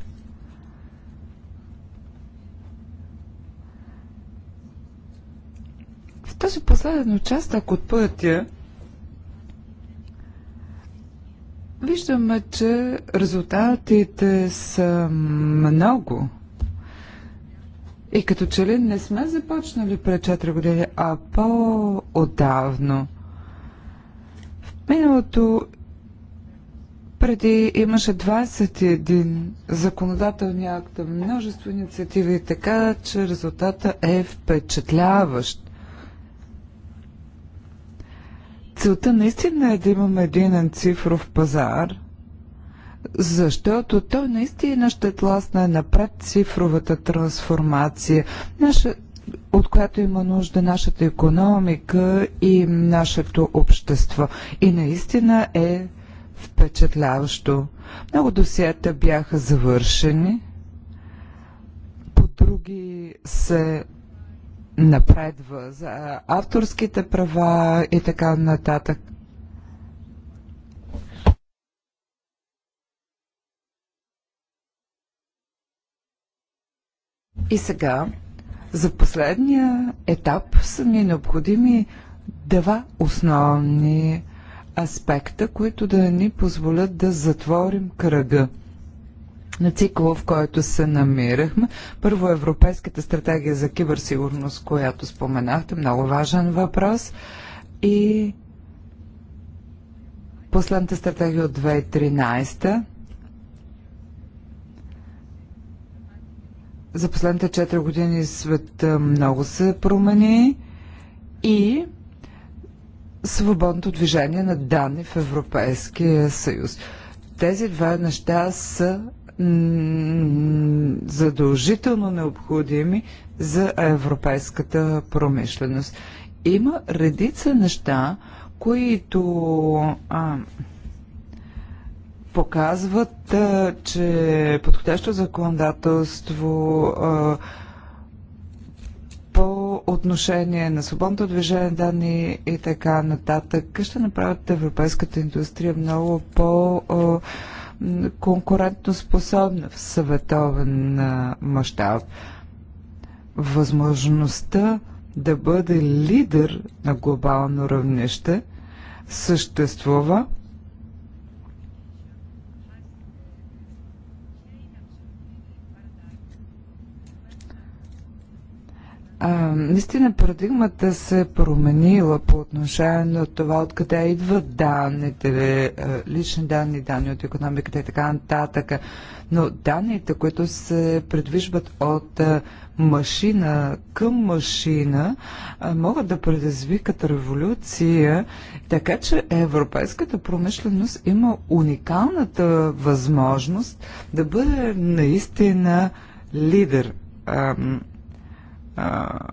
В този последен участък от пътя Виждаме, че резултатите са много. И като че ли не сме започнали пред 4 години, а по-отдавно. В миналото преди имаше 21 законодателни акта, множество инициативи, така че резултата е впечатляващ. Целта наистина е да имаме един цифров пазар, защото той наистина ще тласне напред цифровата трансформация, наша, от която има нужда нашата економика и нашето общество. И наистина е впечатляващо. Много досиета бяха завършени, по други се напредва за авторските права и така нататък. И сега, за последния етап са ни необходими два основни аспекта, които да ни позволят да затворим кръга – на цикъла, в който се намирахме. Първо Европейската стратегия за киберсигурност, която споменахте, много важен въпрос. И последната стратегия от 2013 За последните 4 години свет много се промени и свободното движение на данни в Европейския съюз. Тези два неща са задължително необходими за европейската промишленост. Има редица неща, които а, показват, а, че подходящо законодателство а, по отношение на свободното движение данни и така нататък ще направят европейската индустрия много по- а, конкурентоспособна в съветовен мащаб. Възможността да бъде лидер на глобално равнище съществува А, наистина парадигмата се е променила по отношение на това откъде идват данните, е, лични данни, данни от економиката и така нататък. Но данните, които се предвижват от е, машина към машина, могат да предизвикат революция, така че европейската промишленост има уникалната възможност да бъде наистина лидер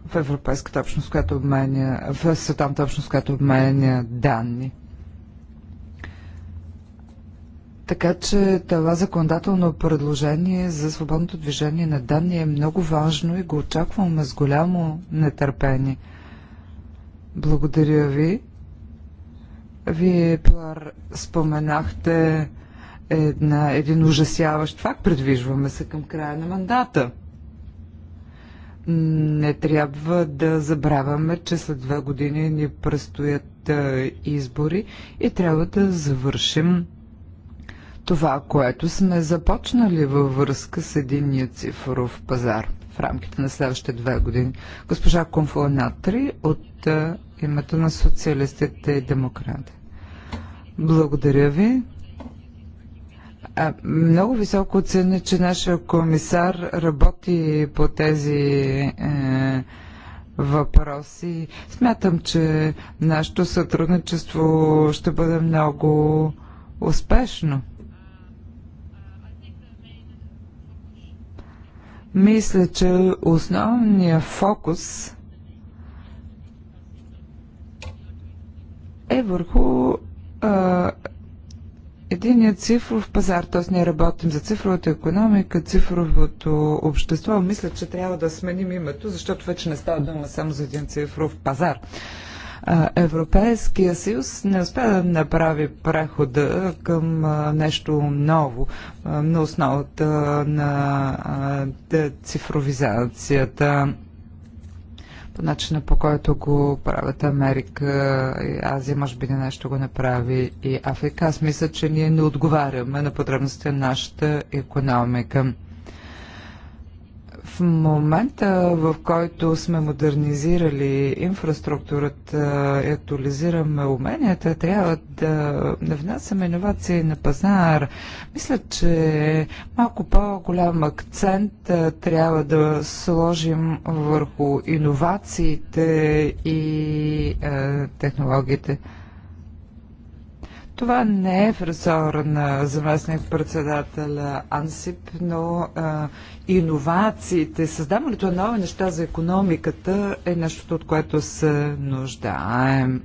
в Европейската общност, която обменя, в Световната общност, която обменя данни. Така че това законодателно предложение за свободното движение на данни е много важно и го очакваме с голямо нетърпение. Благодаря ви. Вие, Пилар, споменахте една, един ужасяващ факт. Предвижваме се към края на мандата. Не трябва да забравяме, че след две години ни предстоят избори и трябва да завършим това, което сме започнали във връзка с единния цифров пазар в рамките на следващите две години. Госпожа Конфуанатри от името на социалистите и демократи. Благодаря ви. Много високо ценя, че нашия комисар работи по тези е, въпроси. Смятам, че нашето сътрудничество ще бъде много успешно. Мисля, че основният фокус е върху а, Единият цифров пазар, т.е. ние работим за цифровата економика, цифровото общество. Мисля, че трябва да сменим името, защото вече не става дума само за един цифров пазар. Европейския съюз не успя да направи прехода към нещо ново на основата на цифровизацията по начина по който го правят Америка и Азия, може би не нещо го направи и Африка. Аз мисля, че ние не отговаряме на потребностите на нашата економика. В момента, в който сме модернизирали инфраструктурата и актуализираме уменията, трябва да, не внасяме иновации на пазар. Мисля, че малко по-голям акцент трябва да сложим върху иновациите и е, технологиите. Това не е в ресора на заместник председателя Ансип, но а, иновациите, създаването на нови неща за економиката е нещото, от което се нуждаем.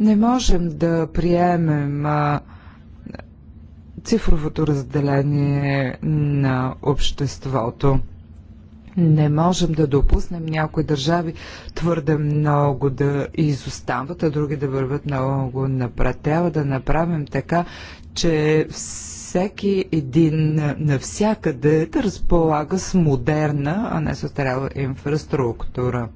Не можем да приемем а, цифровото разделение на обществото. Не можем да допуснем някои държави твърде много да изостават, а други да върват много напред. Трябва да направим така, че всеки един навсякъде да разполага с модерна, а не с трябва инфраструктура.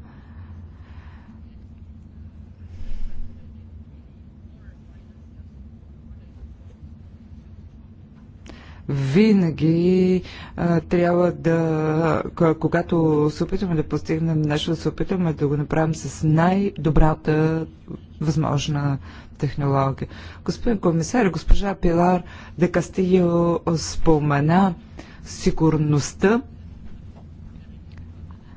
Винаги а, трябва да, когато се опитваме да постигнем нещо, да се опитваме да го направим с най-добрата възможна технология. Господин комисар, госпожа Пилар де Кастио спомена сигурността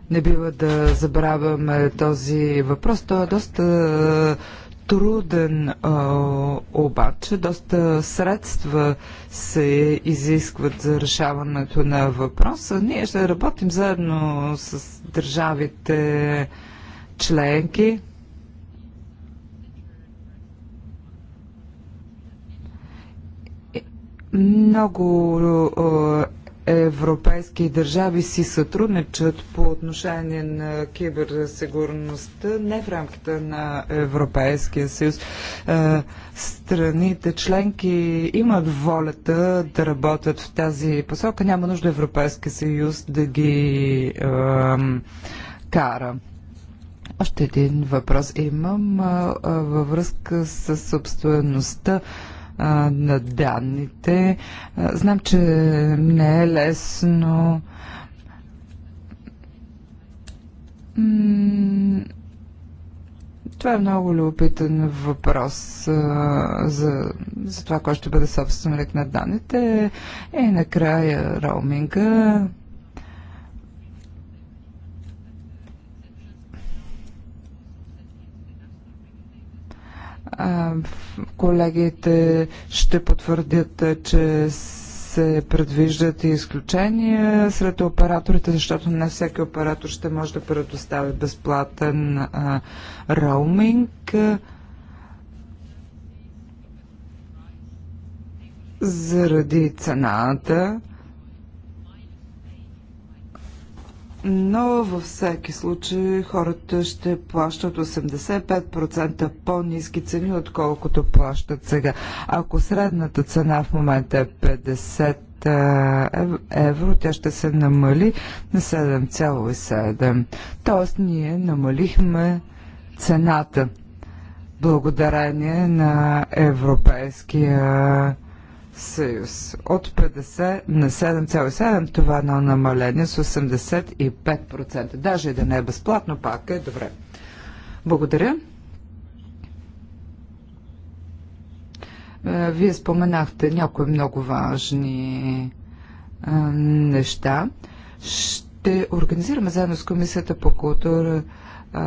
не бива да забравяме този въпрос. Той е доста труден, а, обаче доста средства се изискват за решаването на въпроса. Ние ще работим заедно с държавите членки. Много европейски държави си сътрудничат по отношение на киберсигурността не в рамките на Европейския съюз. Е, страните членки имат волята да работят в тази посока. Няма нужда Европейския съюз да ги е, кара. Още един въпрос имам във връзка с собствеността на данните. знам, че не е лесно. това е много любопитен въпрос а, за, за това, кой ще бъде собственик на данните. И накрая роуминга. Колегите ще потвърдят, че се предвиждат и изключения сред операторите, защото не всеки оператор ще може да предостави безплатен роуминг. Заради цената но във всеки случай хората ще плащат 85% по-низки цени, отколкото плащат сега. Ако средната цена в момента е 50 евро, тя ще се намали на 7,7. Тоест ние намалихме цената благодарение на Европейския съюз. От 50 на 7,7 това е едно намаление с 85%. Даже и да не е безплатно, пак е добре. Благодаря. Е, вие споменахте някои много важни е, неща. Ще организираме заедно с Комисията по култура е,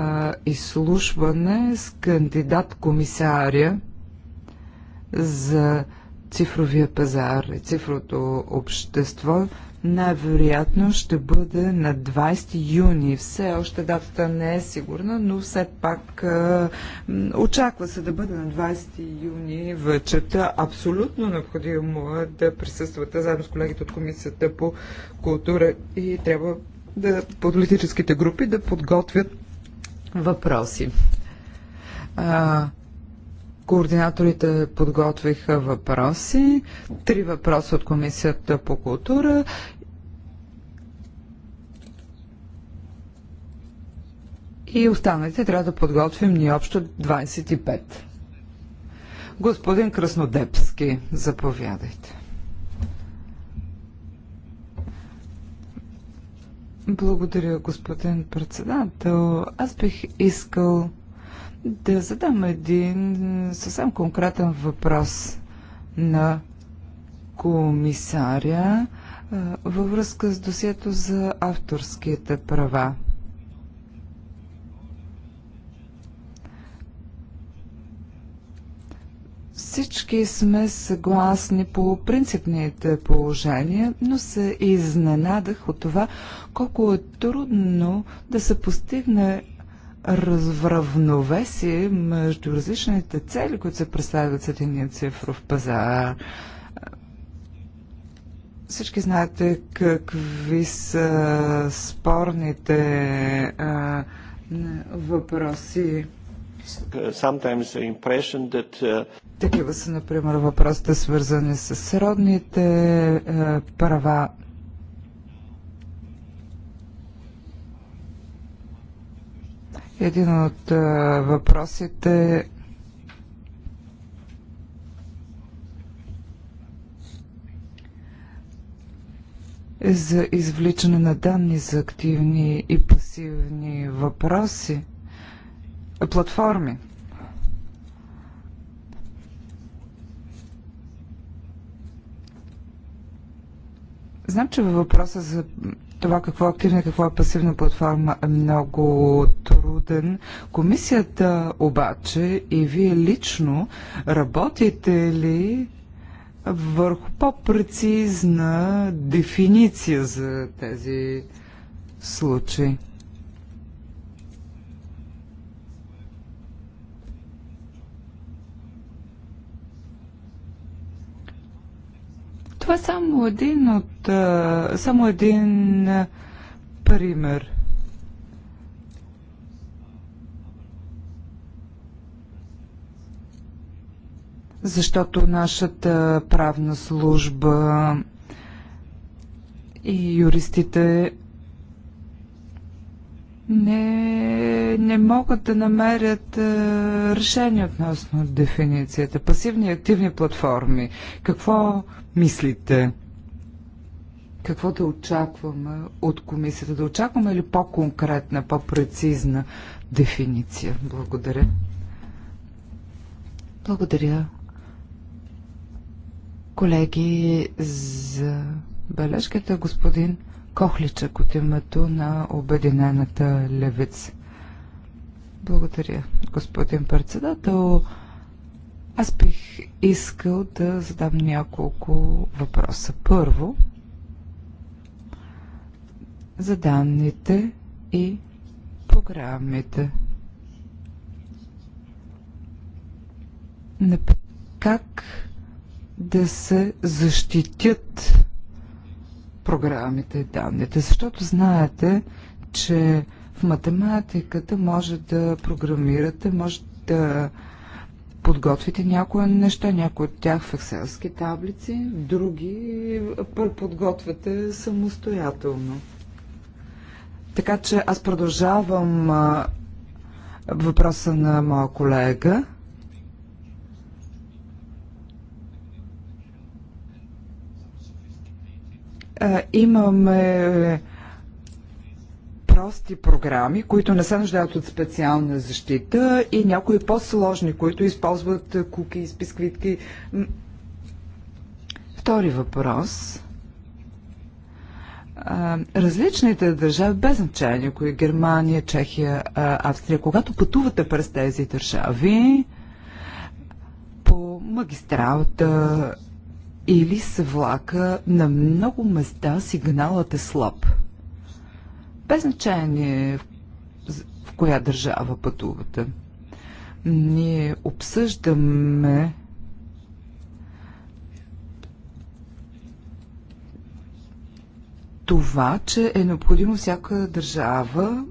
изслушване с кандидат комисаря за цифровия пазар и цифрото общество най-вероятно ще бъде на 20 юни. Все още датата не е сигурна, но все пак очаква се да бъде на 20 юни вечерта. Абсолютно необходимо е да присъствате заедно с колегите от Комисията по култура и трябва да политическите групи да подготвят въпроси. А, Координаторите подготвиха въпроси, три въпроса от Комисията по култура и останалите трябва да подготвим ни общо 25. Господин Краснодепски, заповядайте. Благодаря, господин председател. Аз бих искал да задам един съвсем конкретен въпрос на комисаря във връзка с досието за авторските права. Всички сме съгласни по принципните положения, но се изненадах от това колко е трудно да се постигне разравновесие между различните цели, които се преследват с един цифров пазар. Всички знаете какви са спорните а, въпроси. That, uh... Такива са, например, въпросите свързани с родните права Един от въпросите е за извличане на данни за активни и пасивни въпроси, платформи. Знам, че във въпроса за това какво е активна, какво е пасивна платформа е много труден. Комисията обаче и вие лично работите ли върху по-прецизна дефиниция за тези случаи? Това е само един от само един пример. Защото нашата правна служба и юристите не, не могат да намерят е, решение относно дефиницията. Пасивни и активни платформи. Какво мислите? Какво да очакваме от комисията? Да очакваме ли по-конкретна, по-прецизна дефиниция? Благодаря. Благодаря, колеги, за бележката, господин Кохличък от името на Обединената левица. Благодаря, господин председател. Аз бих искал да задам няколко въпроса. Първо, за данните и програмите. Как да се защитят програмите и данните, защото знаете, че в математиката може да програмирате, може да подготвите някои неща, някои от тях в екселски таблици, други подготвяте самостоятелно. Така че аз продължавам въпроса на моя колега. имаме е, прости програми, които не се нуждаят от специална защита и някои по-сложни, които използват е, куки, списквитки. Втори въпрос. Различните държави, без значение, кои е Германия, Чехия, Австрия, когато пътувате през тези държави, по магистралата, или с влака на много места сигналът е слаб. Без значение в, коя държава пътувате. Ние обсъждаме това, че е необходимо всяка държава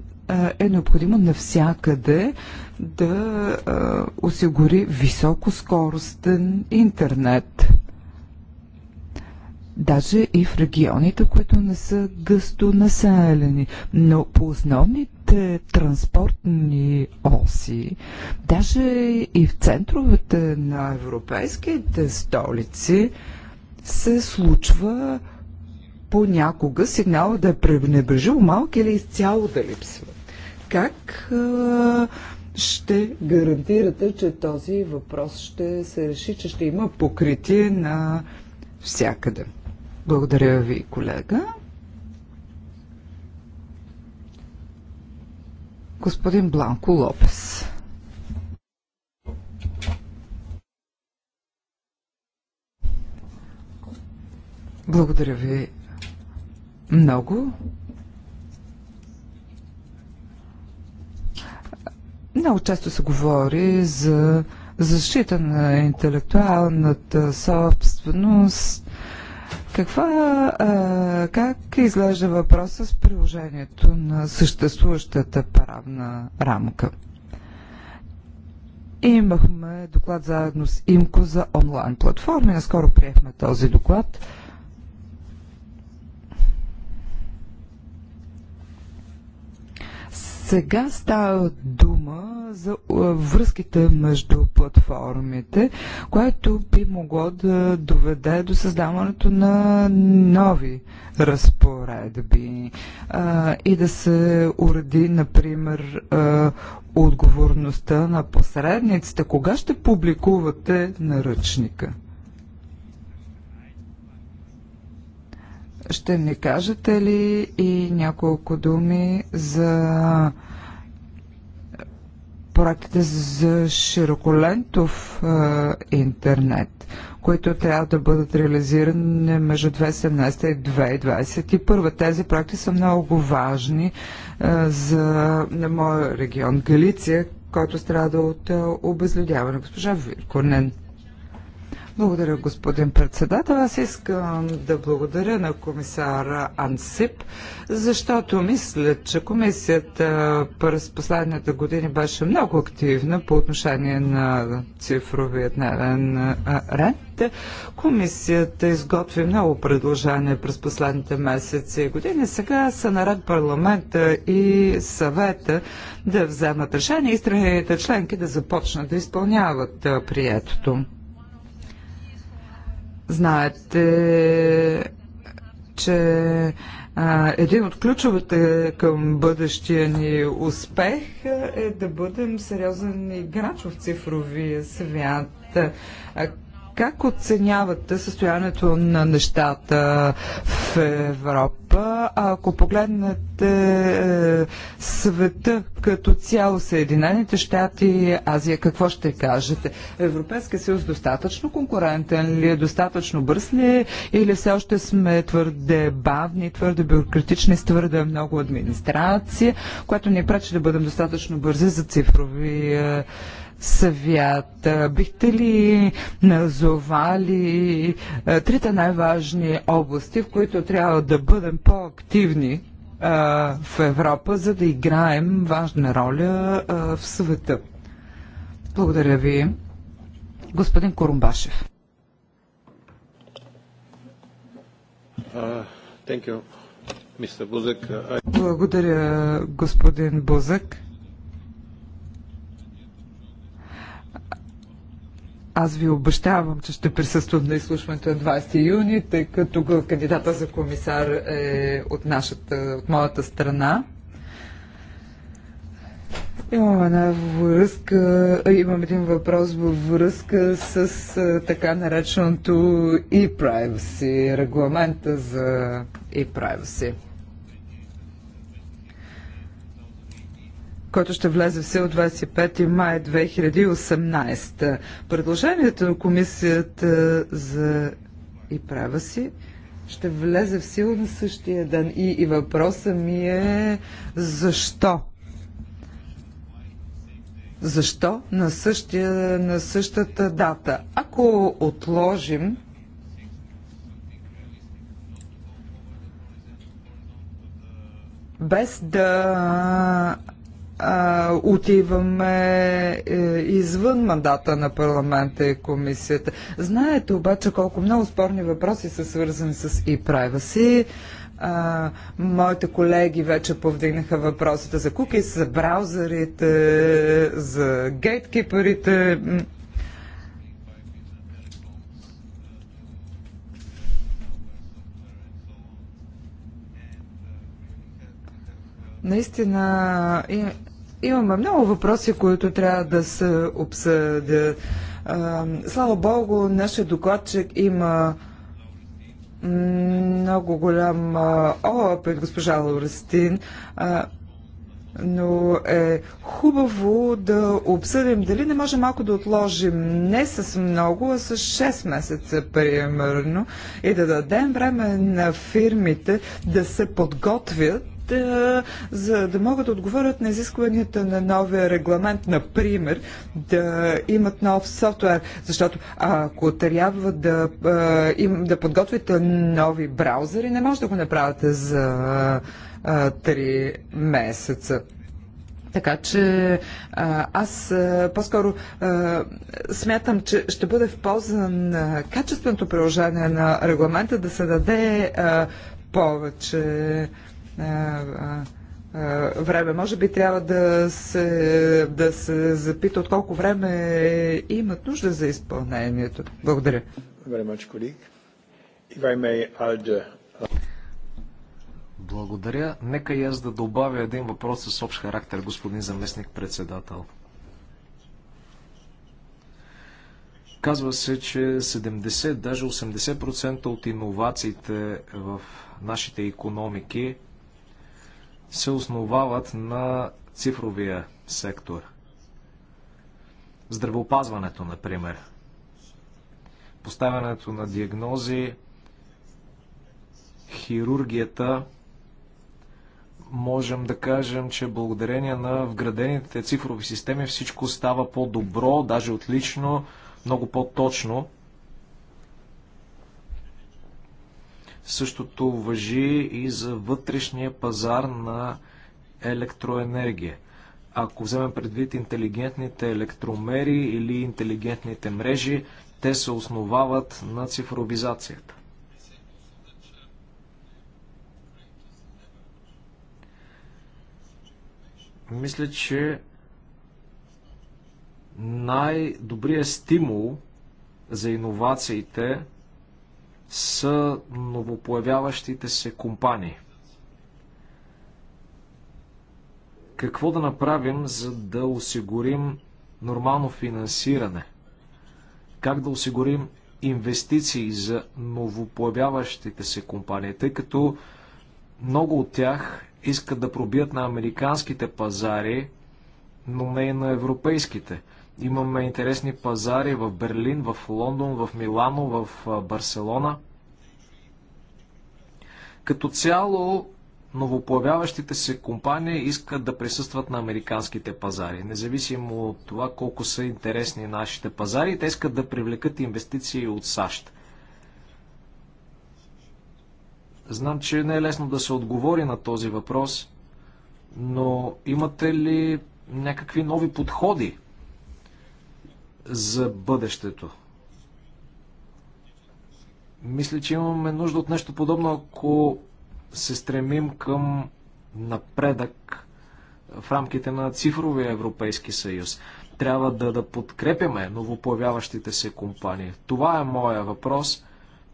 е, е необходимо навсякъде да е, осигури високоскоростен интернет даже и в регионите, които не са гъсто населени. Но по основните транспортни оси, даже и в центровете на европейските столици, се случва понякога сигнала да е пренебрежил малки или изцяло да липсва. Как ще гарантирате, че този въпрос ще се реши, че ще има покритие на всякъде? Благодаря ви, колега. Господин Бланко Лопес. Благодаря ви много. Много често се говори за защита на интелектуалната собственост каква, а, как изглежда въпроса с приложението на съществуващата правна рамка? Имахме доклад заедно с ИМКО за онлайн платформи. Наскоро приехме този доклад. Сега става дума за е, връзките между платформите, което би могло да доведе до създаването на нови разпоредби а, е, и да се уреди, например, а, е, отговорността на посредниците. Кога ще публикувате наръчника? Ще ни кажете ли и няколко думи за проектите за широколентов а, интернет, които трябва да бъдат реализирани между 2017 и 2021. Тези проекти са много важни а, за на моя регион Галиция, който страда от обезлюдяване. Госпожа Вирконен. Благодаря, господин председател. Аз искам да благодаря на комисара Ансип, защото мисля, че комисията през последните години беше много активна по отношение на цифровия дневен ред. Комисията изготви много предложения през последните месеци и години. Сега са наред парламента и съвета да вземат решение и страните членки да започнат да изпълняват приетото. Знаете, че а, един от ключовете към бъдещия ни успех е да бъдем сериозен играч в цифровия свят. Как оценявате състоянието на нещата в Европа? Ако погледнете е, света като цяло Съединените щати, и Азия, какво ще кажете? Европейския съюз достатъчно конкурентен ли е, достатъчно бърз ли е или все още сме твърде бавни, твърде бюрократични, с твърде много администрация, което ни пречи да бъдем достатъчно бързи за цифрови е свят. Бихте ли назовали трите най-важни области, в които трябва да бъдем по-активни в Европа, за да играем важна роля в света? Благодаря ви, господин Корумбашев. Благодаря, господин Бузък. Аз ви обещавам, че ще присъствам на изслушването на 20 юни, тъй като кандидата за комисар е от, нашата, от моята страна. Имам една връзка, имам един въпрос във връзка с така нареченото e-privacy, регламента за e-privacy. който ще влезе в сила 25 май 2018. Предложението на комисията за и права си ще влезе в сила на същия ден. И, и въпросът ми е защо? Защо на, същия, на същата дата? Ако отложим без да а, отиваме е, извън мандата на парламента и комисията. Знаете обаче колко много спорни въпроси са свързани с e си. моите колеги вече повдигнаха въпросите за куки, за браузерите, за гейткиперите. наистина Имаме много въпроси, които трябва да се обсъдят. Слава Богу, нашия докладчик има много голям опит, госпожа Лорестин. Но е хубаво да обсъдим дали не може малко да отложим не с много, а с 6 месеца примерно и да дадем време на фирмите да се подготвят да, за да могат да отговорят на изискванията на новия регламент, например, да имат нов софтуер. Защото ако трябва да, да подготвите нови браузъри, не може да го направите за три 3 месеца. Така че а, аз по-скоро смятам, че ще бъде в полза на качественото приложение на регламента да се даде а, повече време. Може би трябва да се, да се запита от колко време имат нужда за изпълнението. Благодаря. Uh, Благодаря. Нека и аз да добавя един въпрос с общ характер, господин заместник председател. Казва се, че 70, даже 80% от иновациите в нашите економики се основават на цифровия сектор. Здравеопазването, например. Поставянето на диагнози, хирургията, можем да кажем, че благодарение на вградените цифрови системи всичко става по-добро, даже отлично, много по-точно. Същото въжи и за вътрешния пазар на електроенергия. Ако вземем предвид интелигентните електромери или интелигентните мрежи, те се основават на цифровизацията. Мисля, че най-добрият стимул за иновациите са новопоявяващите се компании. Какво да направим, за да осигурим нормално финансиране? Как да осигурим инвестиции за новопоявяващите се компании, тъй като много от тях искат да пробият на американските пазари, но не и на европейските. Имаме интересни пазари в Берлин, в Лондон, в Милано, в Барселона. Като цяло, новоплавяващите се компании искат да присъстват на американските пазари. Независимо от това колко са интересни нашите пазари, те искат да привлекат инвестиции от САЩ. Знам, че не е лесно да се отговори на този въпрос, но имате ли някакви нови подходи за бъдещето. Мисля, че имаме нужда от нещо подобно, ако се стремим към напредък в рамките на цифровия Европейски съюз. Трябва да, да подкрепяме новопоявяващите се компании. Това е моя въпрос.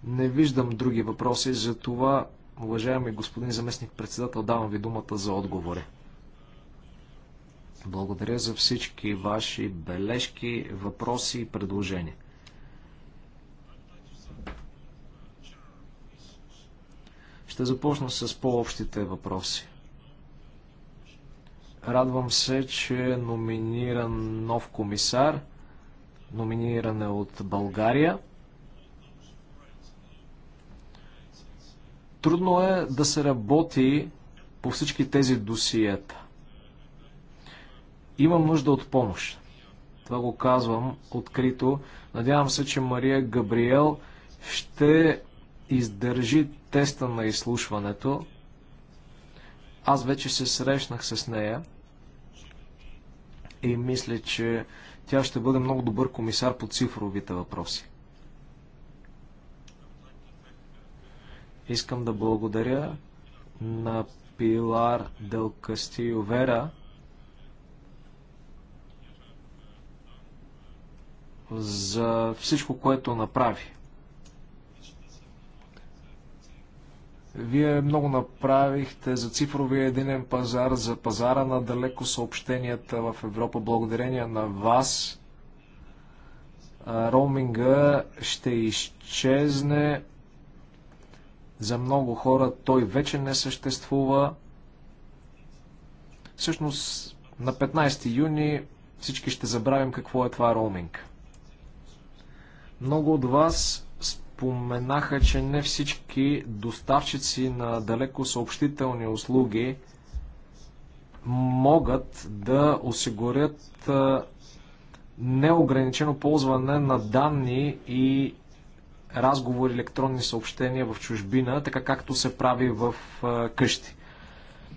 Не виждам други въпроси, за това, уважаеми господин заместник председател, давам ви думата за отговори. Благодаря за всички ваши бележки, въпроси и предложения. Ще започна с по-общите въпроси. Радвам се, че е номиниран нов комисар, номиниран е от България. Трудно е да се работи по всички тези досиета. Имам нужда от помощ. Това го казвам открито. Надявам се, че Мария Габриел ще издържи теста на изслушването. Аз вече се срещнах с нея и мисля, че тя ще бъде много добър комисар по цифровите въпроси. Искам да благодаря на Пилар Дел Кастио Вера за всичко, което направи. Вие много направихте за цифровия единен пазар, за пазара на далеко съобщенията в Европа. Благодарение на вас роуминга ще изчезне. За много хора той вече не съществува. Всъщност на 15 юни всички ще забравим какво е това роуминг. Много от вас споменаха, че не всички доставчици на далеко съобщителни услуги могат да осигурят неограничено ползване на данни и разговори, електронни съобщения в чужбина, така както се прави в къщи.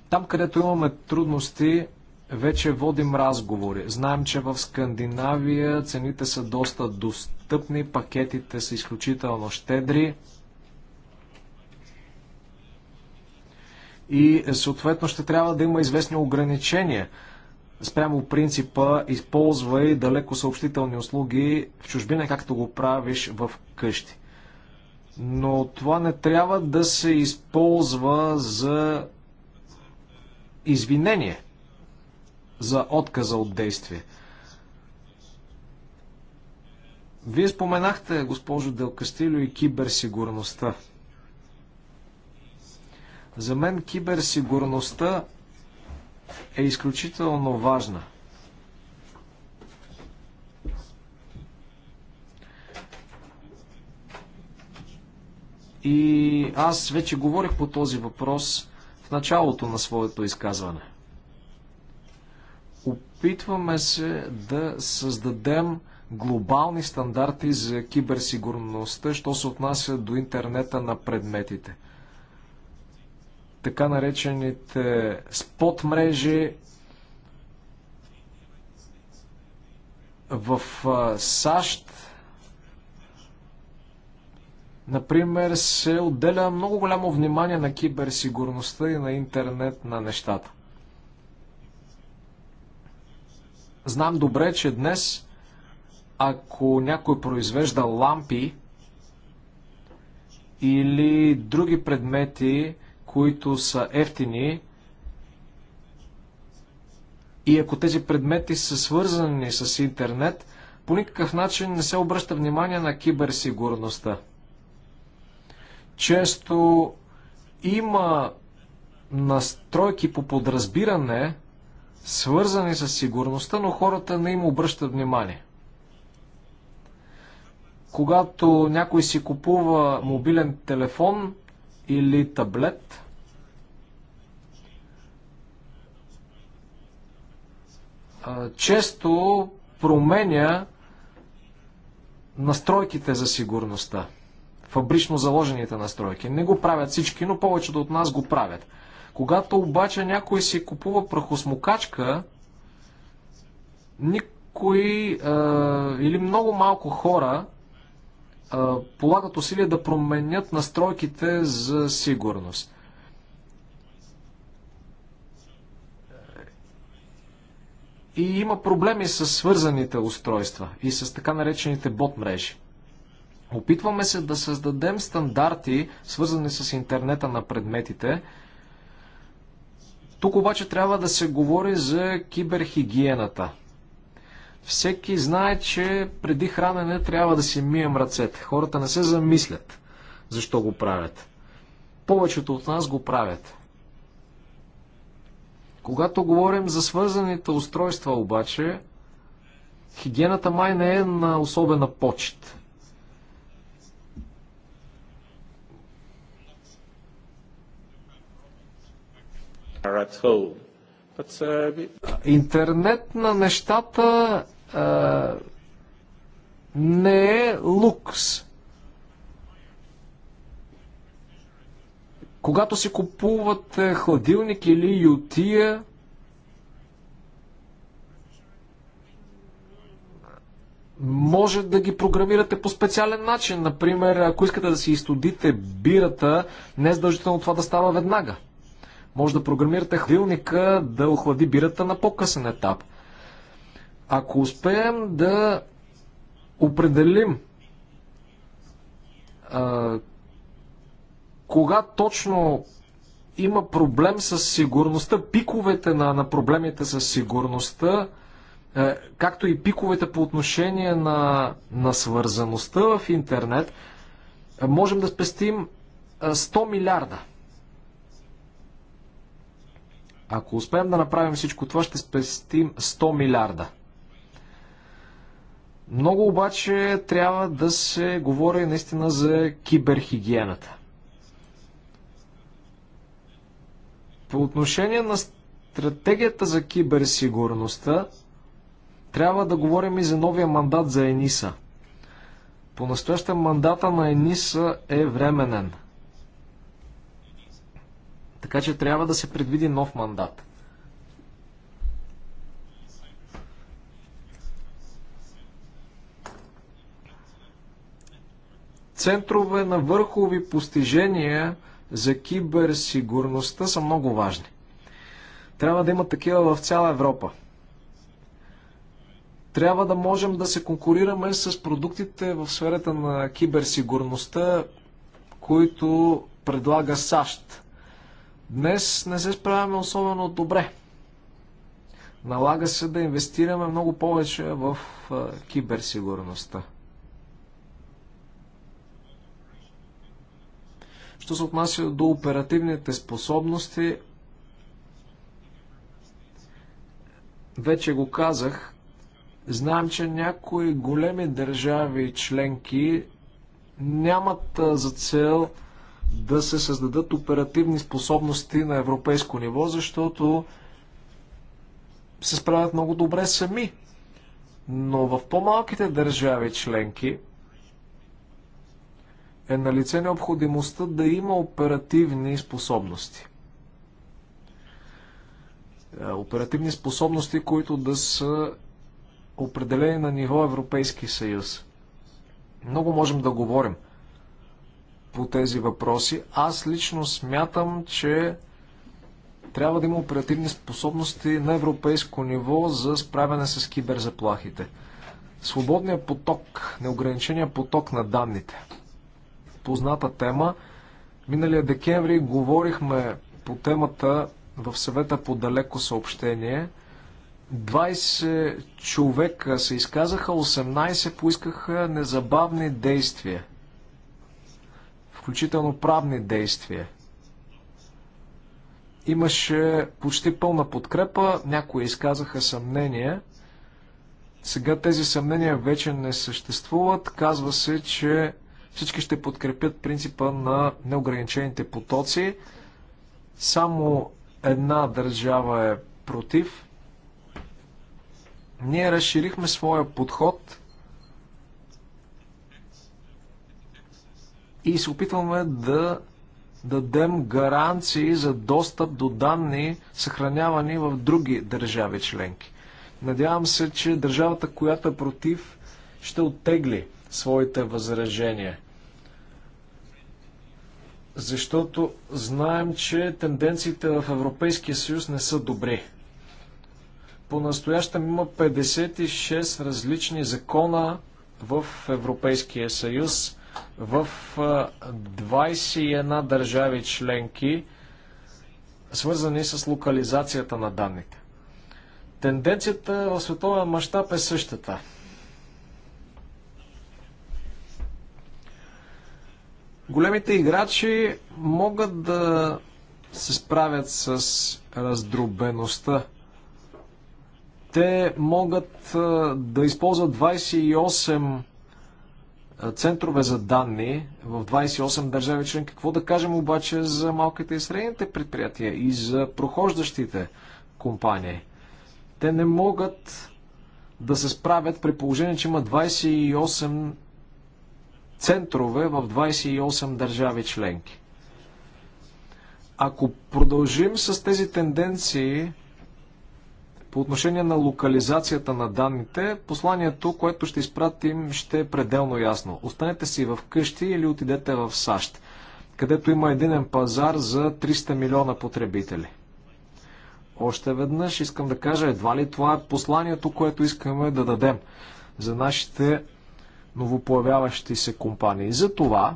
Там, където имаме трудности, вече водим разговори. Знаем, че в Скандинавия цените са доста достъпни, пакетите са изключително щедри. И съответно ще трябва да има известни ограничения спрямо принципа използвай далеко съобщителни услуги в чужбина, както го правиш в къщи. Но това не трябва да се използва за извинение – за отказа от действие. Вие споменахте, госпожо Делкастилю, и киберсигурността. За мен киберсигурността е изключително важна. И аз вече говорих по този въпрос в началото на своето изказване. Опитваме се да създадем глобални стандарти за киберсигурността, що се отнася до интернета на предметите. Така наречените спот мрежи в САЩ Например, се отделя много голямо внимание на киберсигурността и на интернет на нещата. Знам добре, че днес, ако някой произвежда лампи или други предмети, които са ефтини, и ако тези предмети са свързани с интернет, по никакъв начин не се обръща внимание на киберсигурността. Често има настройки по подразбиране, свързани с сигурността, но хората не им обръщат внимание. Когато някой си купува мобилен телефон или таблет, често променя настройките за сигурността. Фабрично заложените настройки. Не го правят всички, но повечето от нас го правят – когато обаче някой си купува прахосмокачка, никой а, или много малко хора а, полагат усилия да променят настройките за сигурност. И има проблеми с свързаните устройства и с така наречените бот мрежи. Опитваме се да създадем стандарти, свързани с интернета на предметите, тук обаче трябва да се говори за киберхигиената. Всеки знае, че преди хранене трябва да си мием ръцете. Хората не се замислят защо го правят. Повечето от нас го правят. Когато говорим за свързаните устройства обаче, хигиената май не е на особена почет. Uh, Интернет на нещата а, не е лукс. Когато си купувате хладилник или ютия, може да ги програмирате по специален начин. Например, ако искате да си изтодите бирата, не е задължително това да става веднага. Може да програмирате хвилника да охлади бирата на по-късен етап. Ако успеем да определим а, кога точно има проблем с сигурността, пиковете на, на проблемите с сигурността, а, е, както и пиковете по отношение на, на свързаността в интернет, а, е, можем да спестим 100 е, милиарда ако успеем да направим всичко това, ще спестим 100 милиарда. Много обаче трябва да се говори наистина за киберхигиената. По отношение на стратегията за киберсигурността, трябва да говорим и за новия мандат за ЕНИСА. По настоящен мандата на ЕНИСА е временен – така че трябва да се предвиди нов мандат. Центрове на върхови постижения за киберсигурността са много важни. Трябва да има такива в цяла Европа. Трябва да можем да се конкурираме с продуктите в сферата на киберсигурността, които предлага САЩ Днес не се справяме особено добре. Налага се да инвестираме много повече в киберсигурността. Що се отнася до оперативните способности, вече го казах, знаем, че някои големи държави и членки нямат за цел да се създадат оперативни способности на европейско ниво, защото се справят много добре сами. Но в по-малките държави членки е на лице необходимостта да има оперативни способности. Е, оперативни способности, които да са определени на ниво Европейски съюз. Много можем да говорим – по тези въпроси. Аз лично смятам, че трябва да има оперативни способности на европейско ниво за справяне с киберзаплахите. Свободният поток, неограничения поток на данните. Позната тема. Миналия декември говорихме по темата в съвета по далеко съобщение. 20 човека се изказаха, 18 поискаха незабавни действия включително правни действия. Имаше почти пълна подкрепа, някои изказаха съмнения. Сега тези съмнения вече не съществуват. Казва се, че всички ще подкрепят принципа на неограничените потоци. Само една държава е против. Ние разширихме своя подход и се опитваме да дадем гаранции за достъп до данни, съхранявани в други държави членки. Надявам се, че държавата, която е против, ще оттегли своите възражения. Защото знаем, че тенденциите в Европейския съюз не са добри. По-настоящем има 56 различни закона в Европейския съюз в 21 държави членки, свързани с локализацията на данните. Тенденцията в световен мащаб е същата. Големите играчи могат да се справят с раздробеността. Те могат да използват 28 центрове за данни в 28 държави член. Какво да кажем обаче за малките и средните предприятия и за прохождащите компании? Те не могат да се справят при положение, че има 28 центрове в 28 държави членки. Ако продължим с тези тенденции, по отношение на локализацията на данните, посланието, което ще изпратим, ще е пределно ясно. Останете си в къщи или отидете в САЩ, където има единен пазар за 300 милиона потребители. Още веднъж искам да кажа, едва ли това е посланието, което искаме да дадем за нашите новопоявяващи се компании. За това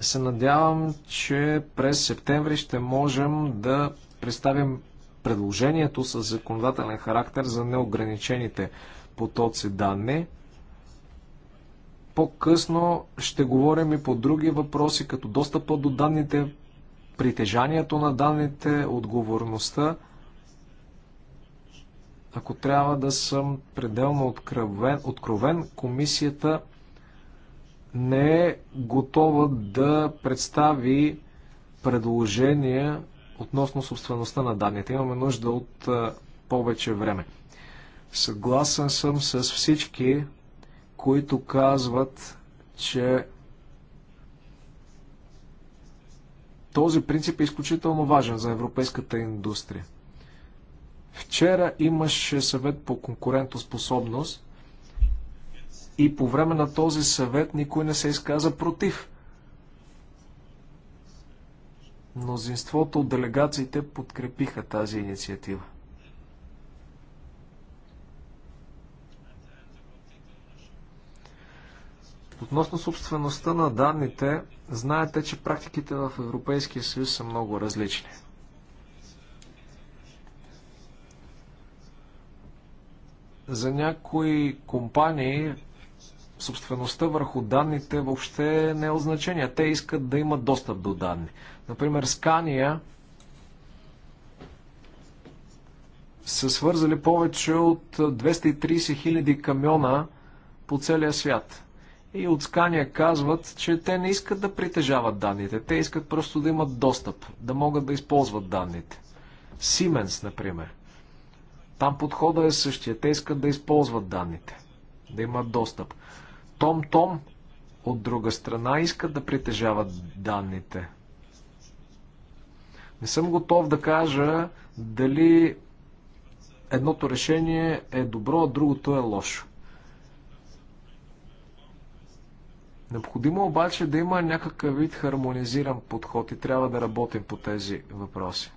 се надявам, че през септември ще можем да представим предложението с законодателен характер за неограничените потоци данни. По-късно ще говорим и по други въпроси, като достъпа до данните, притежанието на данните, отговорността. Ако трябва да съм пределно откровен, откровен комисията не е готова да представи предложения относно собствеността на данните. Имаме нужда от повече време. Съгласен съм с всички, които казват, че този принцип е изключително важен за европейската индустрия. Вчера имаше съвет по конкурентоспособност и по време на този съвет никой не се изказа против Мнозинството от делегациите подкрепиха тази инициатива. Относно собствеността на данните, знаете, че практиките в Европейския съюз са много различни. За някои компании собствеността върху данните въобще не е от значение. Те искат да имат достъп до данни. Например, Скания са свързали повече от 230 000 камиона по целия свят. И от Скания казват, че те не искат да притежават данните. Те искат просто да имат достъп, да могат да използват данните. Сименс, например. Там подхода е същия. Те искат да използват данните, да имат достъп. Том-Том от друга страна искат да притежават данните. Не съм готов да кажа дали едното решение е добро, а другото е лошо. Необходимо обаче да има някакъв вид хармонизиран подход и трябва да работим по тези въпроси.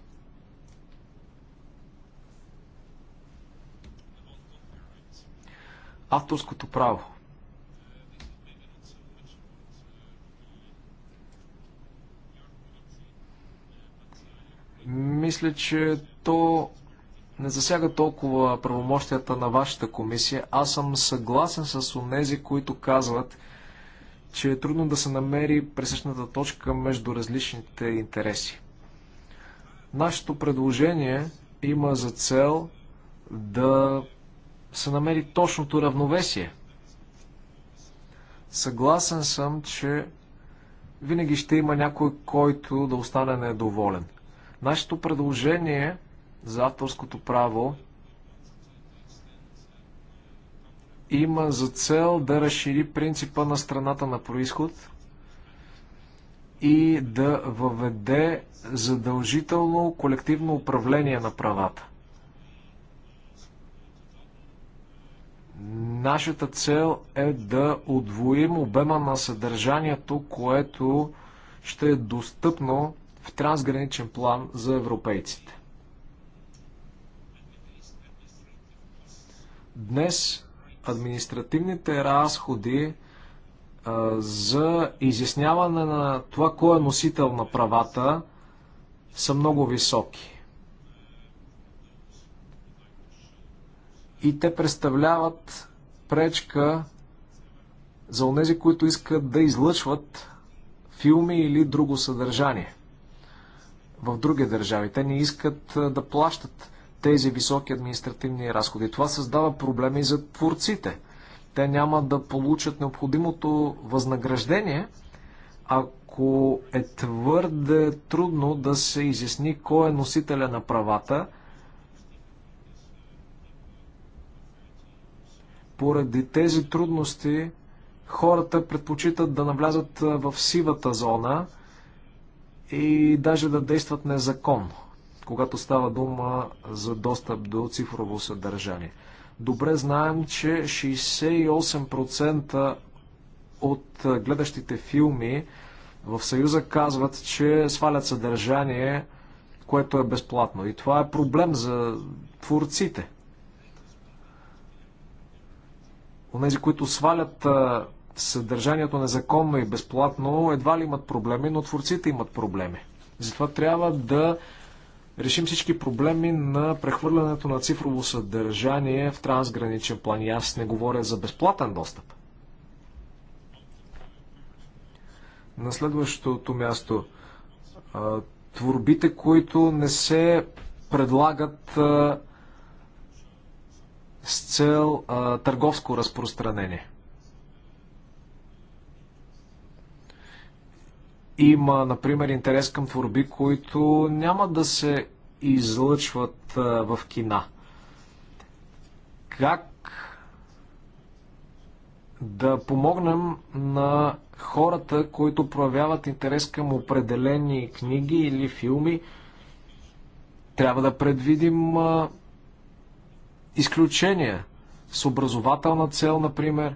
Авторското право. Мисля, че то не засяга толкова правомощията на вашата комисия. Аз съм съгласен с онези, които казват, че е трудно да се намери пресечната точка между различните интереси. Нашето предложение има за цел да се намери точното равновесие. Съгласен съм, че винаги ще има някой, който да остане недоволен – Нашето предложение за авторското право има за цел да разшири принципа на страната на происход и да въведе задължително колективно управление на правата. Нашата цел е да отвоим обема на съдържанието, което ще е достъпно в трансграничен план за европейците. Днес административните разходи а, за изясняване на това, кой е носител на правата, са много високи. И те представляват пречка за онези, които искат да излъчват филми или друго съдържание в други държави. Те не искат да плащат тези високи административни разходи. Това създава проблеми за творците. Те няма да получат необходимото възнаграждение, ако е твърде трудно да се изясни кой е носителя на правата, поради тези трудности хората предпочитат да навлязат в сивата зона – и даже да действат незаконно, когато става дума за достъп до цифрово съдържание. Добре знаем, че 68% от гледащите филми в Съюза казват, че свалят съдържание, което е безплатно. И това е проблем за творците. Онези, които свалят съдържанието незаконно и безплатно, едва ли имат проблеми, но творците имат проблеми. Затова трябва да решим всички проблеми на прехвърлянето на цифрово съдържание в трансграничен план. И аз не говоря за безплатен достъп. На следващото място творбите, които не се предлагат с цел а, търговско разпространение. Има, например, интерес към творби, които няма да се излъчват в кина. Как да помогнем на хората, които проявяват интерес към определени книги или филми, трябва да предвидим а, изключения с образователна цел, например.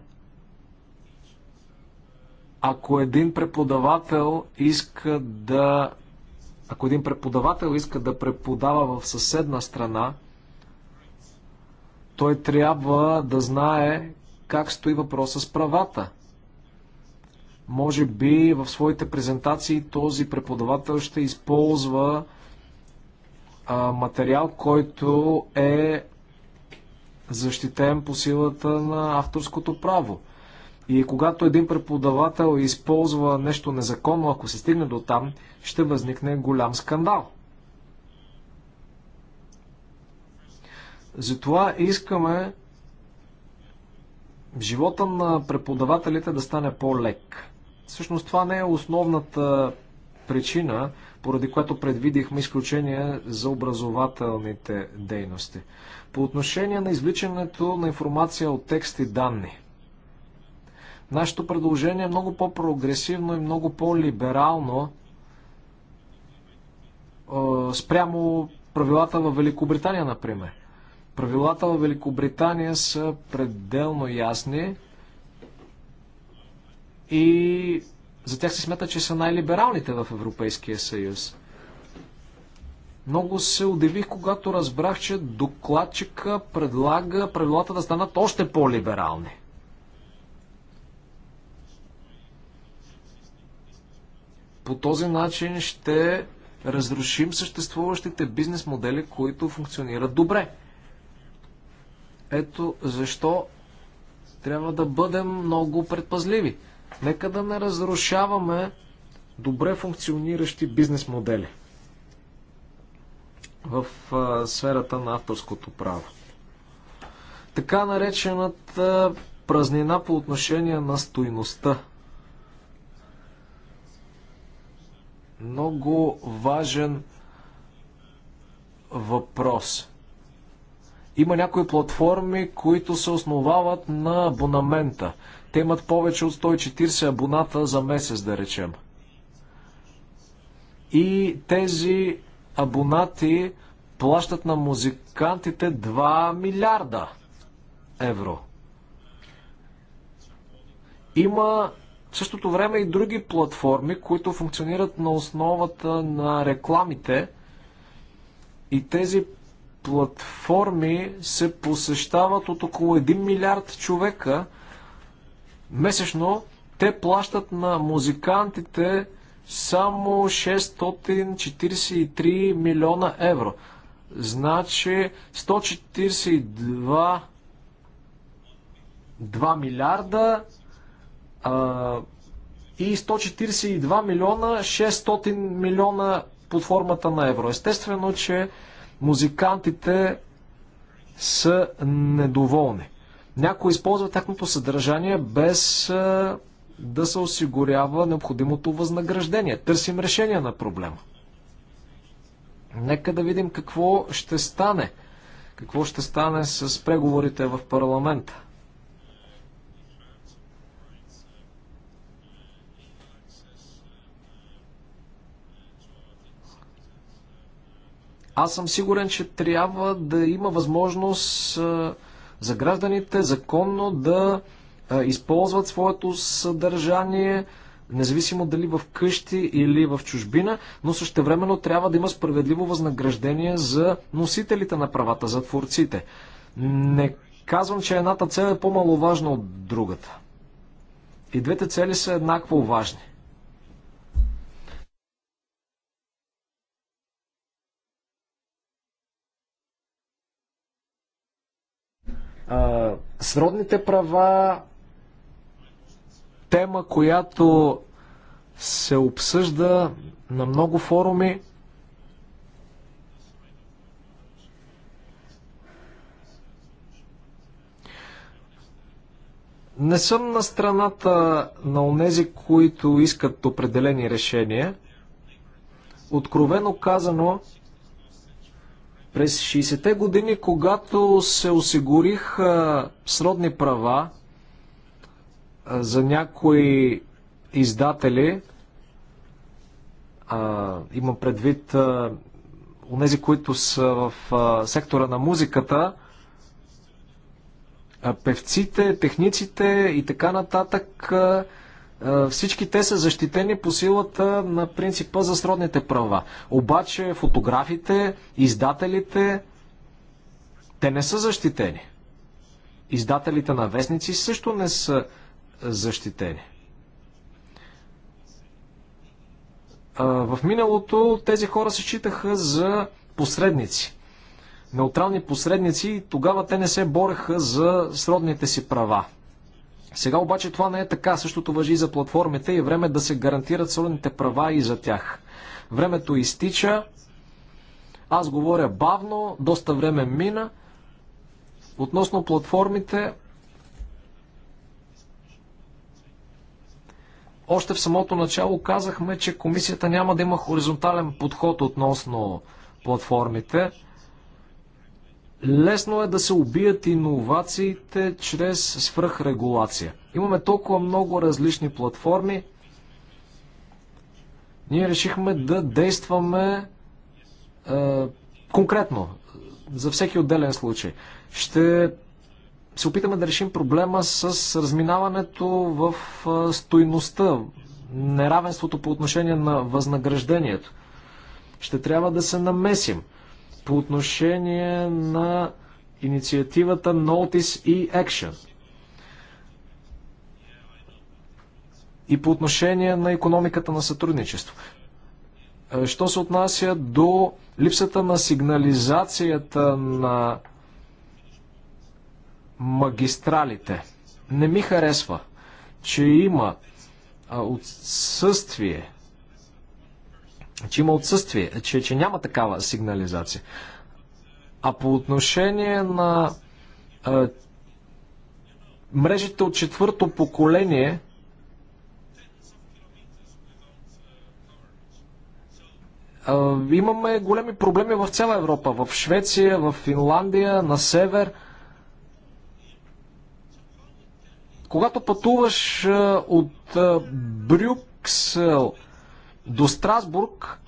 Ако един преподавател иска да ако един преподавател иска да преподава в съседна страна, той трябва да знае как стои въпроса с правата. Може би в своите презентации този преподавател ще използва а, материал, който е защитен по силата на авторското право. И когато един преподавател използва нещо незаконно, ако се стигне до там, ще възникне голям скандал. Затова искаме живота на преподавателите да стане по-лек. Всъщност това не е основната причина, поради която предвидихме изключение за образователните дейности. По отношение на извличането на информация от текст и данни. Нашето предложение е много по-прогресивно и много по-либерално спрямо правилата в Великобритания, например. Правилата в Великобритания са пределно ясни и за тях се смята, че са най-либералните в Европейския съюз. Много се удивих, когато разбрах, че докладчика предлага правилата да станат още по-либерални. По този начин ще разрушим съществуващите бизнес модели, които функционират добре. Ето защо трябва да бъдем много предпазливи. Нека да не разрушаваме добре функциониращи бизнес модели в а, сферата на авторското право. Така наречената празнина по отношение на стойността много важен въпрос. Има някои платформи, които се основават на абонамента. Те имат повече от 140 абоната за месец, да речем. И тези абонати плащат на музикантите 2 милиарда евро. Има в същото време и други платформи, които функционират на основата на рекламите и тези платформи се посещават от около 1 милиард човека месечно. Те плащат на музикантите само 643 милиона евро. Значи 142 2 милиарда и 142 милиона, 600 милиона под формата на евро. Естествено, че музикантите са недоволни. Някои използват тяхното съдържание без да се осигурява необходимото възнаграждение. Търсим решение на проблема. Нека да видим какво ще стане. Какво ще стане с преговорите в парламента. Аз съм сигурен, че трябва да има възможност за гражданите законно да използват своето съдържание, независимо дали в къщи или в чужбина, но същевременно трябва да има справедливо възнаграждение за носителите на правата, за творците. Не казвам, че едната цел е по-маловажна от другата. И двете цели са еднакво важни. сродните права, тема, която се обсъжда на много форуми. Не съм на страната на онези, които искат определени решения. Откровено казано, през 60-те години, когато се осигуриха сродни права за някои издатели, а, имам предвид а, онези, които са в а, сектора на музиката, а, певците, техниците и така нататък а, е, всички те са защитени по силата на принципа за сродните права. Обаче фотографите, издателите, те не са защитени. Издателите на вестници също не са защитени. Е, в миналото тези хора се считаха за посредници неутрални посредници и тогава те не се бореха за сродните си права. Сега обаче това не е така. Същото въжи и за платформите и е време да се гарантират солените права и за тях. Времето изтича. Аз говоря бавно, доста време мина. Относно платформите, още в самото начало казахме, че комисията няма да има хоризонтален подход относно платформите. Лесно е да се убият иновациите чрез свръхрегулация. Имаме толкова много различни платформи. Ние решихме да действаме е, конкретно за всеки отделен случай. Ще се опитаме да решим проблема с разминаването в е, стойността, неравенството по отношение на възнаграждението. Ще трябва да се намесим по отношение на инициативата Notice и Action. И по отношение на економиката на сътрудничество. Е, що се отнася до липсата на сигнализацията на магистралите, не ми харесва, че има отсъствие че има отсъствие, че, че няма такава сигнализация. А по отношение на е, мрежите от четвърто поколение, имаме големи проблеми в цяла Европа. В Швеция, в Финландия, на север. Когато пътуваш от Брюксел до Страсбург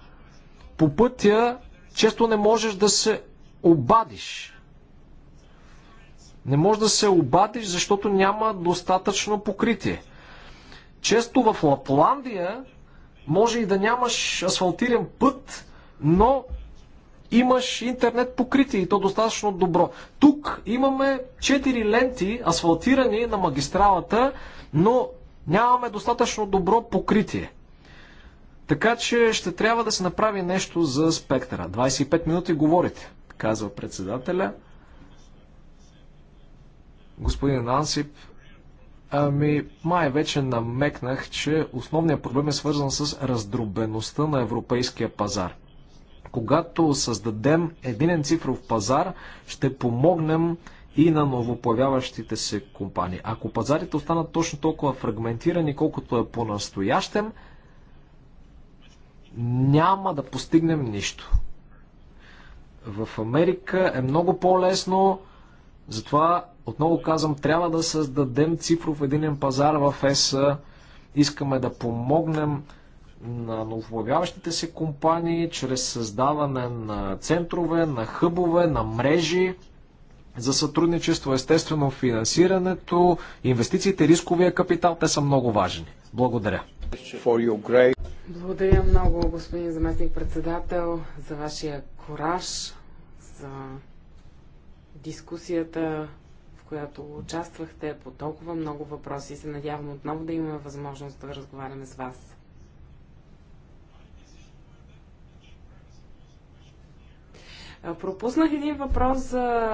по пътя често не можеш да се обадиш. Не можеш да се обадиш, защото няма достатъчно покритие. Често в Лапландия може и да нямаш асфалтиран път, но имаш интернет покритие и то достатъчно добро. Тук имаме 4 ленти асфалтирани на магистралата, но нямаме достатъчно добро покритие. Така че ще трябва да се направи нещо за спектъра. 25 минути говорите, казва председателя. Господин Ансип, ами май вече намекнах, че основният проблем е свързан с раздробеността на европейския пазар. Когато създадем един цифров пазар, ще помогнем и на новоплавяващите се компании. Ако пазарите останат точно толкова фрагментирани, колкото е по-настоящем, няма да постигнем нищо. В Америка е много по-лесно, затова отново казвам, трябва да създадем цифров единен пазар в ЕС. Искаме да помогнем на новоявяващите се компании чрез създаване на центрове, на хъбове, на мрежи за сътрудничество, естествено финансирането, инвестициите, рисковия капитал, те са много важни. Благодаря. Благодаря много, господин заместник-председател, за вашия кораж, за дискусията, в която участвахте по толкова много въпроси. Се надявам отново да имаме възможност да разговаряме с вас. Пропуснах един въпрос за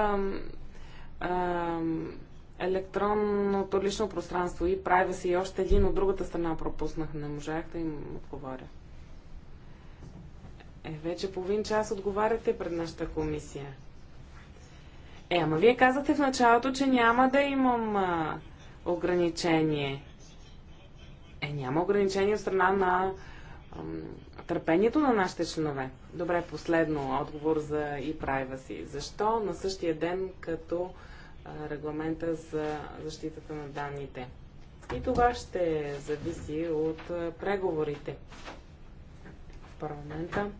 електронното лично пространство и правя си и още един от другата страна пропуснах. Не можах да им отговоря. Е, вече половин час отговаряте пред нашата комисия. Е, ама вие казахте в началото, че няма да имам а, ограничение. Е, няма ограничение от страна на а, търпението на нашите членове. Добре, последно отговор за и прайва си. Защо на същия ден, като регламента за защитата на данните. И това ще зависи от преговорите в парламента,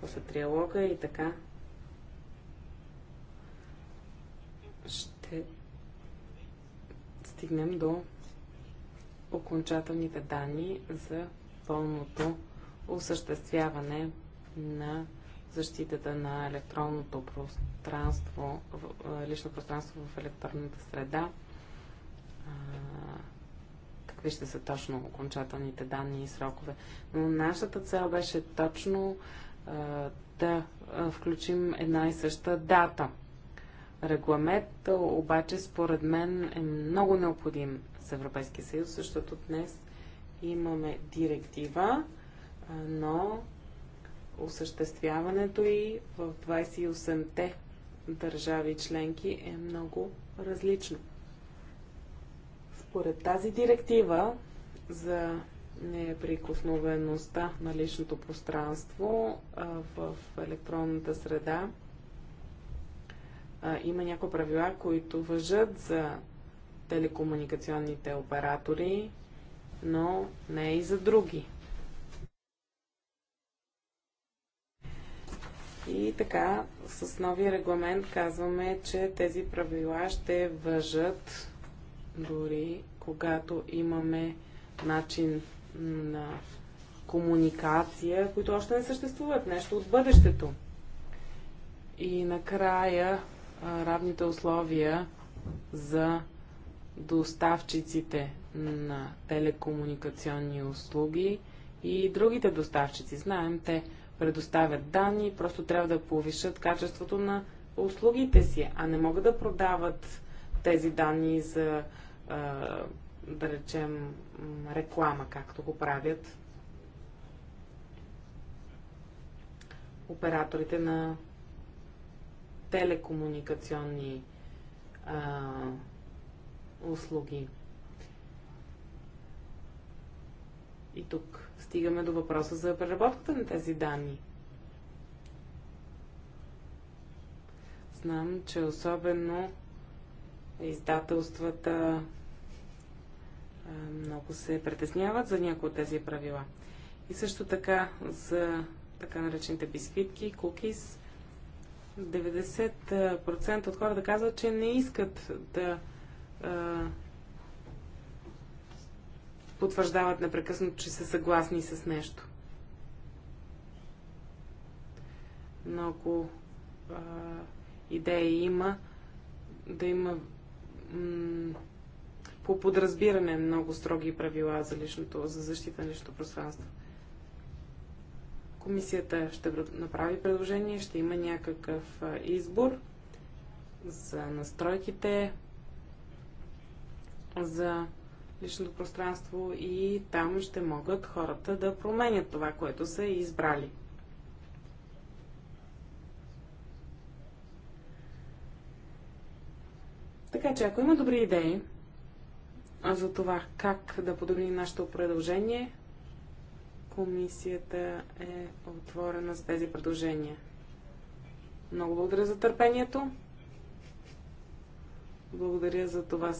после триалога и така. Ще стигнем до окончателните данни за пълното осъществяване на защитата на електронното пространство пространство, лично пространство в електронната среда. Какви ще са точно окончателните данни и срокове. Но нашата цел беше точно да включим една и съща дата. Регламент обаче според мен е много необходим с Европейския съюз, защото днес имаме директива, но осъществяването и в 28-те държави членки е много различно. Според тази директива за неприкосновеността на личното пространство в електронната среда има някои правила, които въжат за телекомуникационните оператори, но не и за други. И така, с новия регламент казваме, че тези правила ще въжат дори когато имаме начин на комуникация, които още не съществуват, нещо от бъдещето. И накрая равните условия за доставчиците на телекомуникационни услуги и другите доставчици. Знаем, те предоставят данни, просто трябва да повишат качеството на услугите си, а не могат да продават тези данни за, да речем, реклама, както го правят операторите на телекомуникационни услуги. И тук стигаме до въпроса за преработката на тези данни. Знам, че особено издателствата много се притесняват за някои от тези правила. И също така за така наречените бисквитки, кукис. 90% от хората казват, че не искат да потвърждават непрекъснато, че са съгласни с нещо. Много а, идеи има, да има по подразбиране много строги правила за, личното, за защита на личното пространство. Комисията ще направи предложение, ще има някакъв избор за настройките, за личното пространство и там ще могат хората да променят това, което са избрали. Така че, ако има добри идеи за това как да подобрим нашето предложение, комисията е отворена за тези предложения. Много благодаря за търпението. Благодаря за това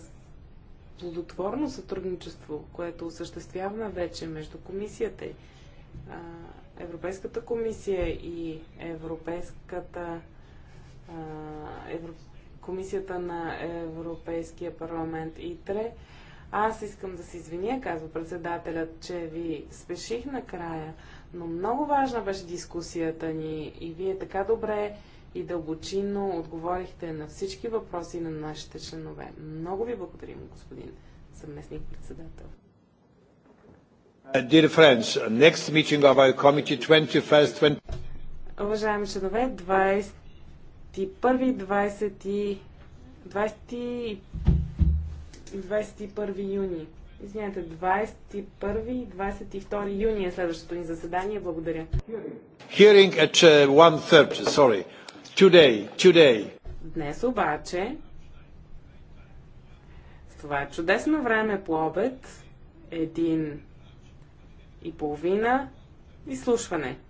плодотворно сътрудничество, което осъществяваме вече между комисията, Европейската комисия и Европейската комисията на Европейския парламент ИТРЕ, аз искам да се извиня, казва председателят, че ви спеших накрая, но много важна беше дискусията ни и вие така добре и дълбочинно отговорихте на всички въпроси на нашите членове. Много ви благодарим, господин съместник председател. Uh, dear friends, uh, next meeting of our committee 21st 20... Уважаеми членове, 21-20 20... 21 юни. Извинете, 21 и 22 юни е следващото ни заседание. Благодаря. Hearing at 1.30, uh, sorry. Today, today. Днес обаче, в това чудесно време по обед, един и половина изслушване –